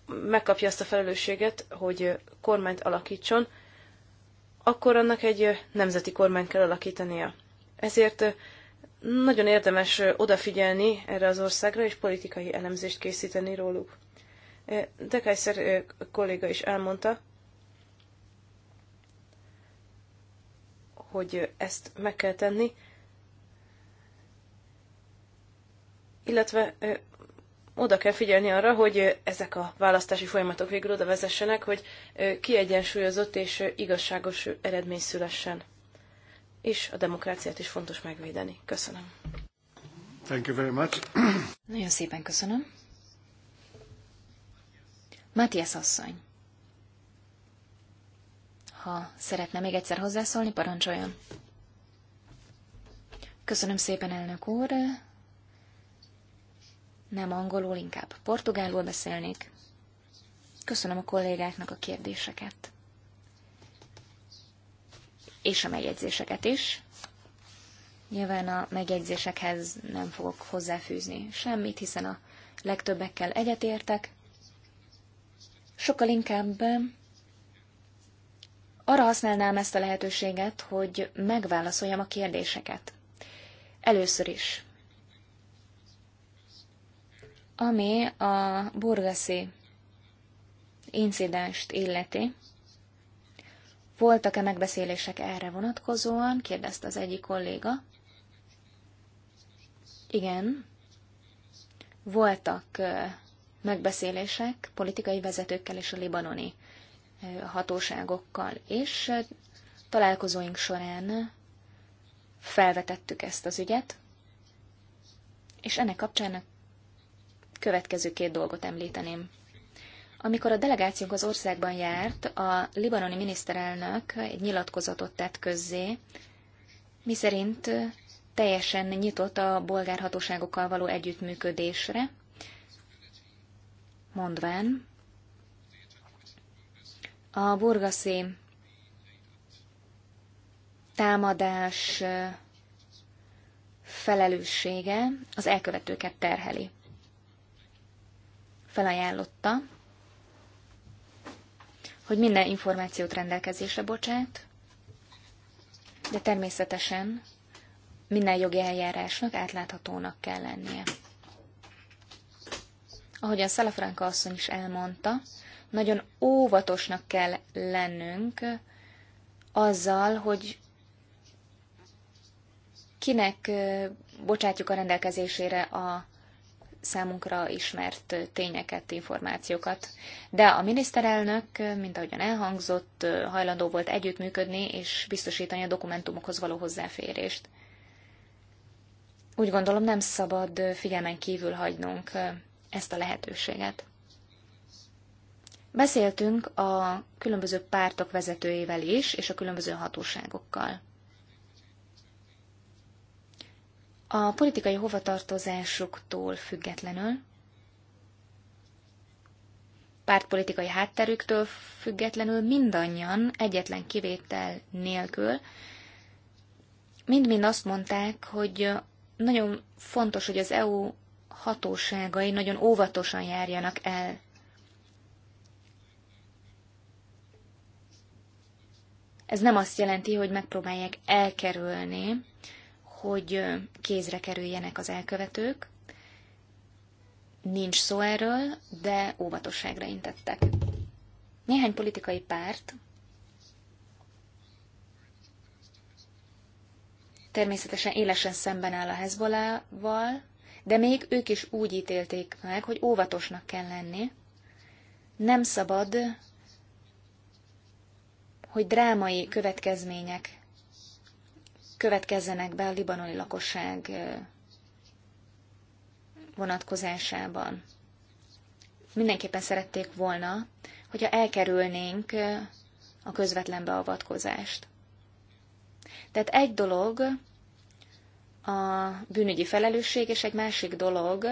megkapja azt a felelősséget, hogy kormányt alakítson, akkor annak egy nemzeti kormányt kell alakítania. Ezért nagyon érdemes odafigyelni erre az országra, és politikai elemzést készíteni róluk. De Kajszer kolléga is elmondta, hogy ezt meg kell tenni, illetve oda kell figyelni arra, hogy ezek a választási folyamatok végül oda vezessenek, hogy kiegyensúlyozott és igazságos eredmény szülessen. És a demokráciát is fontos megvédeni. Köszönöm. Thank you very much. Nagyon szépen köszönöm. Matthias asszony. Ha szeretne még egyszer hozzászólni, parancsoljon. Köszönöm szépen, elnök úr nem angolul, inkább portugálul beszélnék. Köszönöm a kollégáknak a kérdéseket. És a megjegyzéseket is. Nyilván a megjegyzésekhez nem fogok hozzáfűzni semmit, hiszen a legtöbbekkel egyetértek. Sokkal inkább eh, arra használnám ezt a lehetőséget, hogy megválaszoljam a kérdéseket. Először is ami a burgaszi incidenst illeti. Voltak-e megbeszélések erre vonatkozóan? kérdezte az egyik kolléga. Igen, voltak megbeszélések politikai vezetőkkel és a libanoni hatóságokkal, és találkozóink során felvetettük ezt az ügyet, és ennek kapcsán a következő két dolgot említeném. Amikor a delegációnk az országban járt, a libanoni miniszterelnök egy nyilatkozatot tett közzé, miszerint teljesen nyitott a bolgárhatóságokkal való együttműködésre, mondván a burgaszi támadás felelőssége az elkövetőket terheli felajánlotta, hogy minden információt rendelkezésre bocsát, de természetesen minden jogi eljárásnak átláthatónak kell lennie. Ahogy a Szalafranka asszony is elmondta, nagyon óvatosnak kell lennünk azzal, hogy kinek bocsátjuk a rendelkezésére a számunkra ismert tényeket, információkat. De a miniszterelnök, mint ahogyan elhangzott, hajlandó volt együttműködni és biztosítani a dokumentumokhoz való hozzáférést. Úgy gondolom nem szabad figyelmen kívül hagynunk ezt a lehetőséget. Beszéltünk a különböző pártok vezetőivel is, és a különböző hatóságokkal. a politikai hovatartozásuktól függetlenül, pártpolitikai hátterüktől függetlenül mindannyian, egyetlen kivétel nélkül, mind-mind azt mondták, hogy nagyon fontos, hogy az EU hatóságai nagyon óvatosan járjanak el. Ez nem azt jelenti, hogy megpróbálják elkerülni hogy kézre kerüljenek az elkövetők. Nincs szó erről, de óvatosságra intettek. Néhány politikai párt természetesen élesen szemben áll a Hezbollával, de még ők is úgy ítélték meg, hogy óvatosnak kell lenni. Nem szabad, hogy drámai következmények következzenek be a libanoni lakosság vonatkozásában. Mindenképpen szerették volna, hogyha elkerülnénk a közvetlen beavatkozást. Tehát egy dolog a bűnügyi felelősség, és egy másik dolog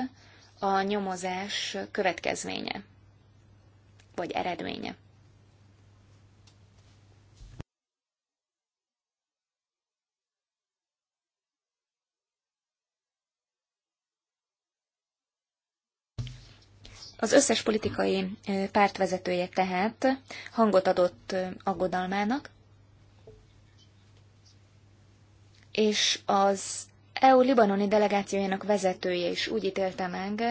a nyomozás következménye, vagy eredménye. Az összes politikai párt vezetője tehát hangot adott aggodalmának, és az EU libanoni delegációjának vezetője is úgy ítélte meg,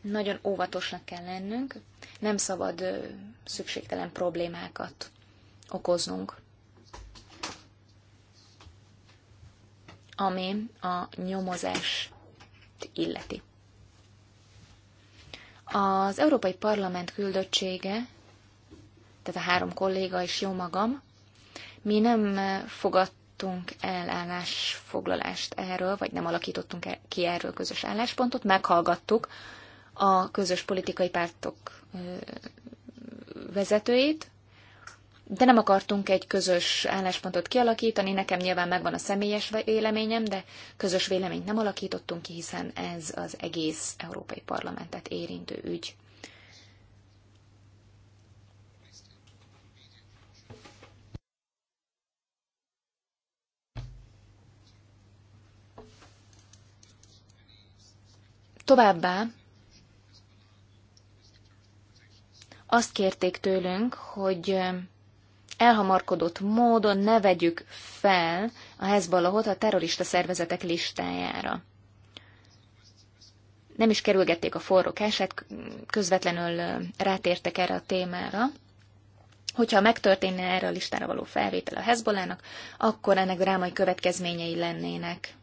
nagyon óvatosnak kell lennünk, nem szabad szükségtelen problémákat okoznunk. Ami a nyomozás illeti. Az Európai Parlament küldöttsége, tehát a három kolléga és jó magam, mi nem fogadtunk el állásfoglalást erről, vagy nem alakítottunk ki erről közös álláspontot, meghallgattuk a közös politikai pártok vezetőit, de nem akartunk egy közös álláspontot kialakítani, nekem nyilván megvan a személyes véleményem, de közös véleményt nem alakítottunk ki, hiszen ez az egész Európai Parlamentet érintő ügy. Továbbá azt kérték tőlünk, hogy elhamarkodott módon ne vegyük fel a Hezbollahot a terrorista szervezetek listájára. Nem is kerülgették a forrókását, közvetlenül rátértek erre a témára. Hogyha megtörténne erre a listára való felvétel a Hezbollának, akkor ennek drámai következményei lennének.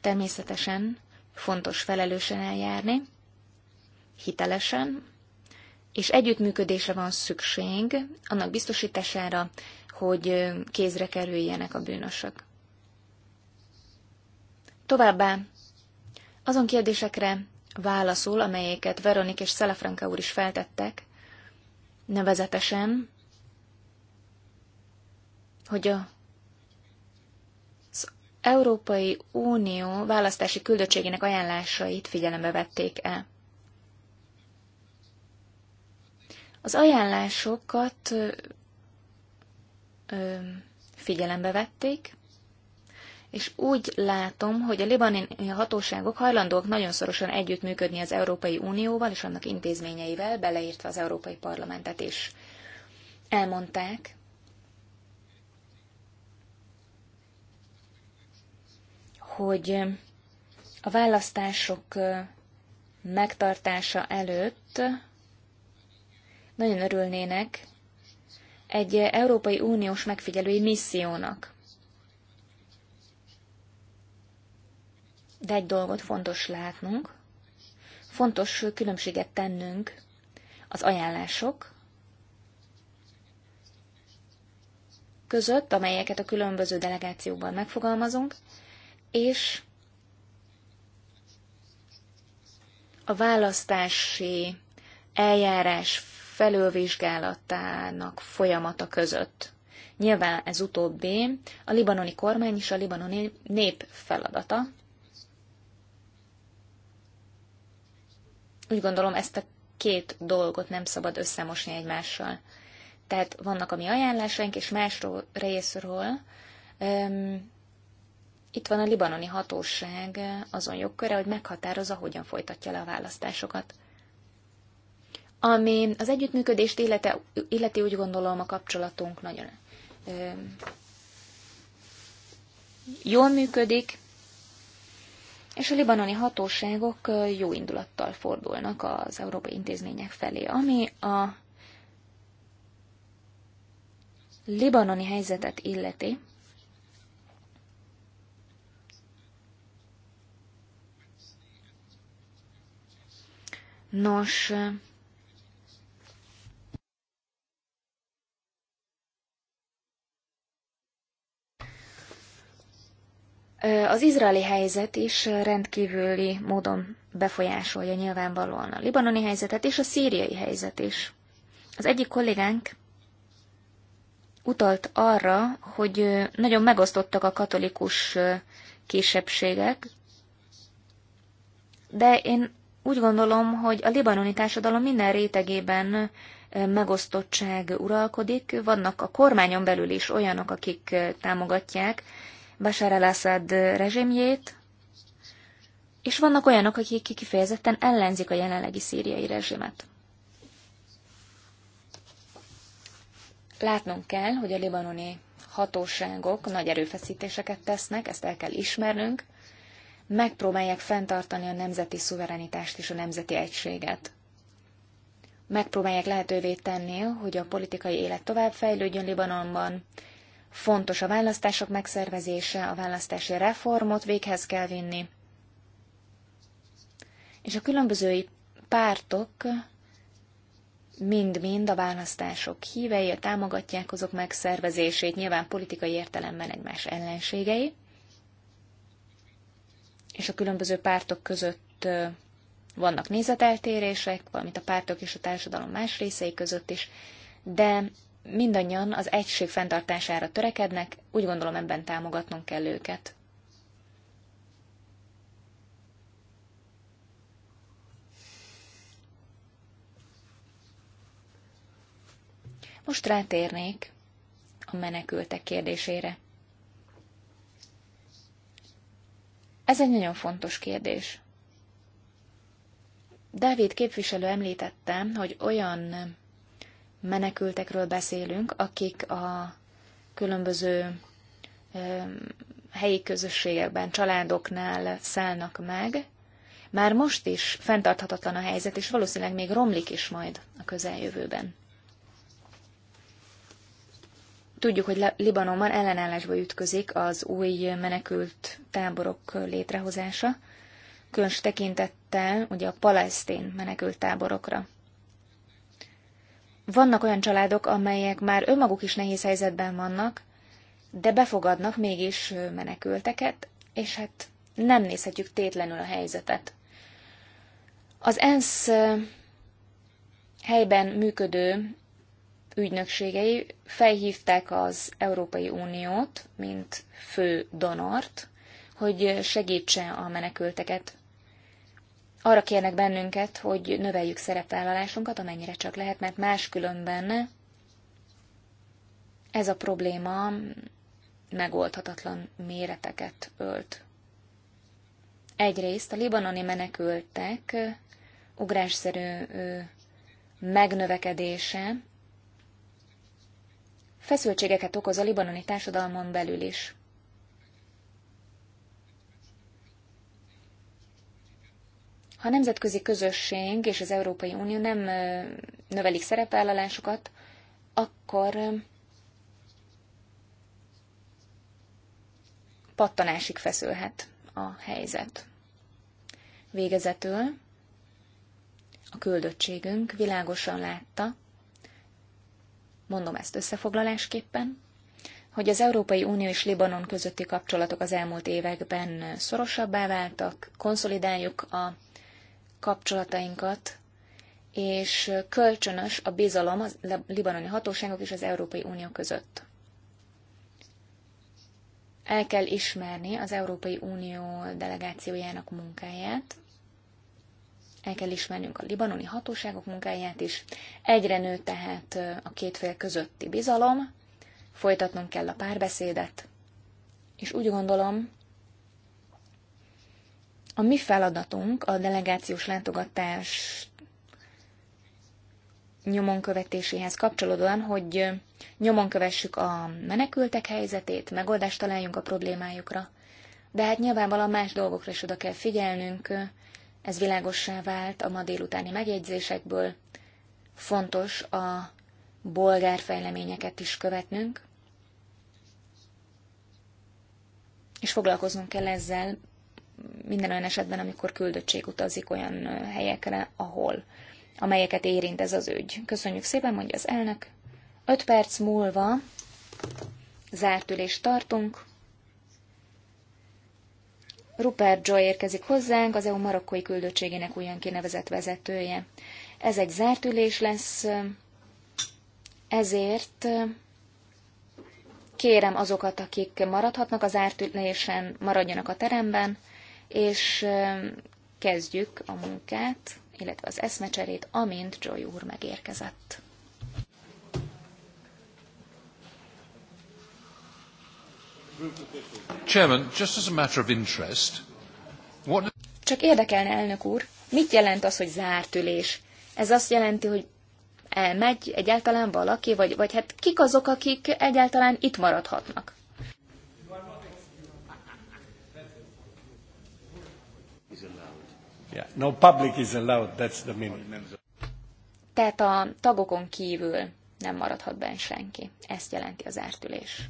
Természetesen fontos felelősen eljárni, hitelesen, és együttműködésre van szükség annak biztosítására, hogy kézre kerüljenek a bűnösök. Továbbá azon kérdésekre válaszul, amelyeket Veronik és Szelefranka úr is feltettek, nevezetesen, hogy a az Európai Unió választási küldöttségének ajánlásait figyelembe vették-e. Az ajánlásokat ö, figyelembe vették, és úgy látom, hogy a libanoni hatóságok hajlandók nagyon szorosan együttműködni az Európai Unióval és annak intézményeivel, beleértve az Európai Parlamentet is. Elmondták, hogy a választások megtartása előtt nagyon örülnének egy Európai Uniós megfigyelői missziónak. De egy dolgot fontos látnunk, fontos különbséget tennünk az ajánlások között, amelyeket a különböző delegációkban megfogalmazunk, és a választási eljárás felülvizsgálatának folyamata között. Nyilván ez utóbbi a libanoni kormány és a libanoni nép feladata. Úgy gondolom, ezt a két dolgot nem szabad összemosni egymással. Tehát vannak a mi ajánlásaink, és másról részről um, itt van a libanoni hatóság azon jogköre, hogy meghatározza, hogyan folytatja le a választásokat. Ami az együttműködést illeti, illeti úgy gondolom a kapcsolatunk nagyon ö, jól működik, és a libanoni hatóságok jó indulattal fordulnak az európai intézmények felé, ami a libanoni helyzetet illeti. Nos, Az izraeli helyzet is rendkívüli módon befolyásolja nyilvánvalóan a libanoni helyzetet és a szíriai helyzet is. Az egyik kollégánk utalt arra, hogy nagyon megosztottak a katolikus kisebbségek, de én úgy gondolom, hogy a libanoni társadalom minden rétegében megosztottság uralkodik. Vannak a kormányon belül is olyanok, akik támogatják Bashar al-Assad rezsimjét, és vannak olyanok, akik kifejezetten ellenzik a jelenlegi szíriai rezsimet. Látnunk kell, hogy a libanoni hatóságok nagy erőfeszítéseket tesznek, ezt el kell ismernünk, megpróbálják fenntartani a nemzeti szuverenitást és a nemzeti egységet. Megpróbálják lehetővé tenni, hogy a politikai élet továbbfejlődjön Libanonban, Fontos a választások megszervezése, a választási reformot véghez kell vinni. És a különböző pártok mind-mind a választások hívei, a támogatják azok megszervezését, nyilván politikai értelemben egymás ellenségei, és a különböző pártok között vannak nézeteltérések, valamint a pártok és a társadalom más részei között is, de mindannyian az egység fenntartására törekednek, úgy gondolom ebben támogatnunk kell őket. Most rátérnék a menekültek kérdésére. Ez egy nagyon fontos kérdés. Dávid képviselő említette, hogy olyan menekültekről beszélünk, akik a különböző helyi közösségekben, családoknál szállnak meg. Már most is fenntarthatatlan a helyzet, és valószínűleg még romlik is majd a közeljövőben. Tudjuk, hogy Libanonban ellenállásba ütközik az új menekült táborok létrehozása, különös tekintettel ugye a palesztén menekült táborokra. Vannak olyan családok, amelyek már önmaguk is nehéz helyzetben vannak, de befogadnak mégis menekülteket, és hát nem nézhetjük tétlenül a helyzetet. Az ENSZ helyben működő ügynökségei felhívták az Európai Uniót, mint fő donort, hogy segítse a menekülteket arra kérnek bennünket, hogy növeljük szerepvállalásunkat, amennyire csak lehet, mert máskülönben ez a probléma megoldhatatlan méreteket ölt. Egyrészt a libanoni menekültek ugrásszerű megnövekedése feszültségeket okoz a libanoni társadalmon belül is. Ha a nemzetközi közösség és az Európai Unió nem növelik szerepvállalásukat, akkor pattanásig feszülhet a helyzet. Végezetül a küldöttségünk világosan látta, mondom ezt összefoglalásképpen, hogy az Európai Unió és Libanon közötti kapcsolatok az elmúlt években szorosabbá váltak, konszolidáljuk a kapcsolatainkat, és kölcsönös a bizalom a libanoni hatóságok és az Európai Unió között. El kell ismerni az Európai Unió delegációjának munkáját, el kell ismernünk a libanoni hatóságok munkáját is. Egyre nő tehát a két fél közötti bizalom, folytatnunk kell a párbeszédet, és úgy gondolom, a mi feladatunk a delegációs látogatás nyomon követéséhez kapcsolódóan, hogy nyomon kövessük a menekültek helyzetét, megoldást találjunk a problémájukra. De hát nyilvánvalóan más dolgokra is oda kell figyelnünk, ez világossá vált a ma délutáni megjegyzésekből. Fontos a bolgár fejleményeket is követnünk, és foglalkoznunk kell ezzel minden olyan esetben, amikor küldöttség utazik olyan helyekre, ahol, amelyeket érint ez az ügy. Köszönjük szépen, mondja az elnök. Öt perc múlva zárt ülést tartunk. Rupert Joy érkezik hozzánk, az EU marokkói küldöttségének újan kinevezett vezetője. Ez egy zárt ülés lesz, ezért kérem azokat, akik maradhatnak az ülésen, maradjanak a teremben, és kezdjük a munkát, illetve az eszmecserét, amint Joy úr megérkezett. Chairman, just as a matter of interest, what... Csak érdekelne, elnök úr, mit jelent az, hogy zárt ülés? Ez azt jelenti, hogy elmegy egyáltalán valaki, vagy, vagy hát kik azok, akik egyáltalán itt maradhatnak? Yeah. No public is allowed, that's the Tehát a tagokon kívül nem maradhat benne senki. Ezt jelenti az ártülés.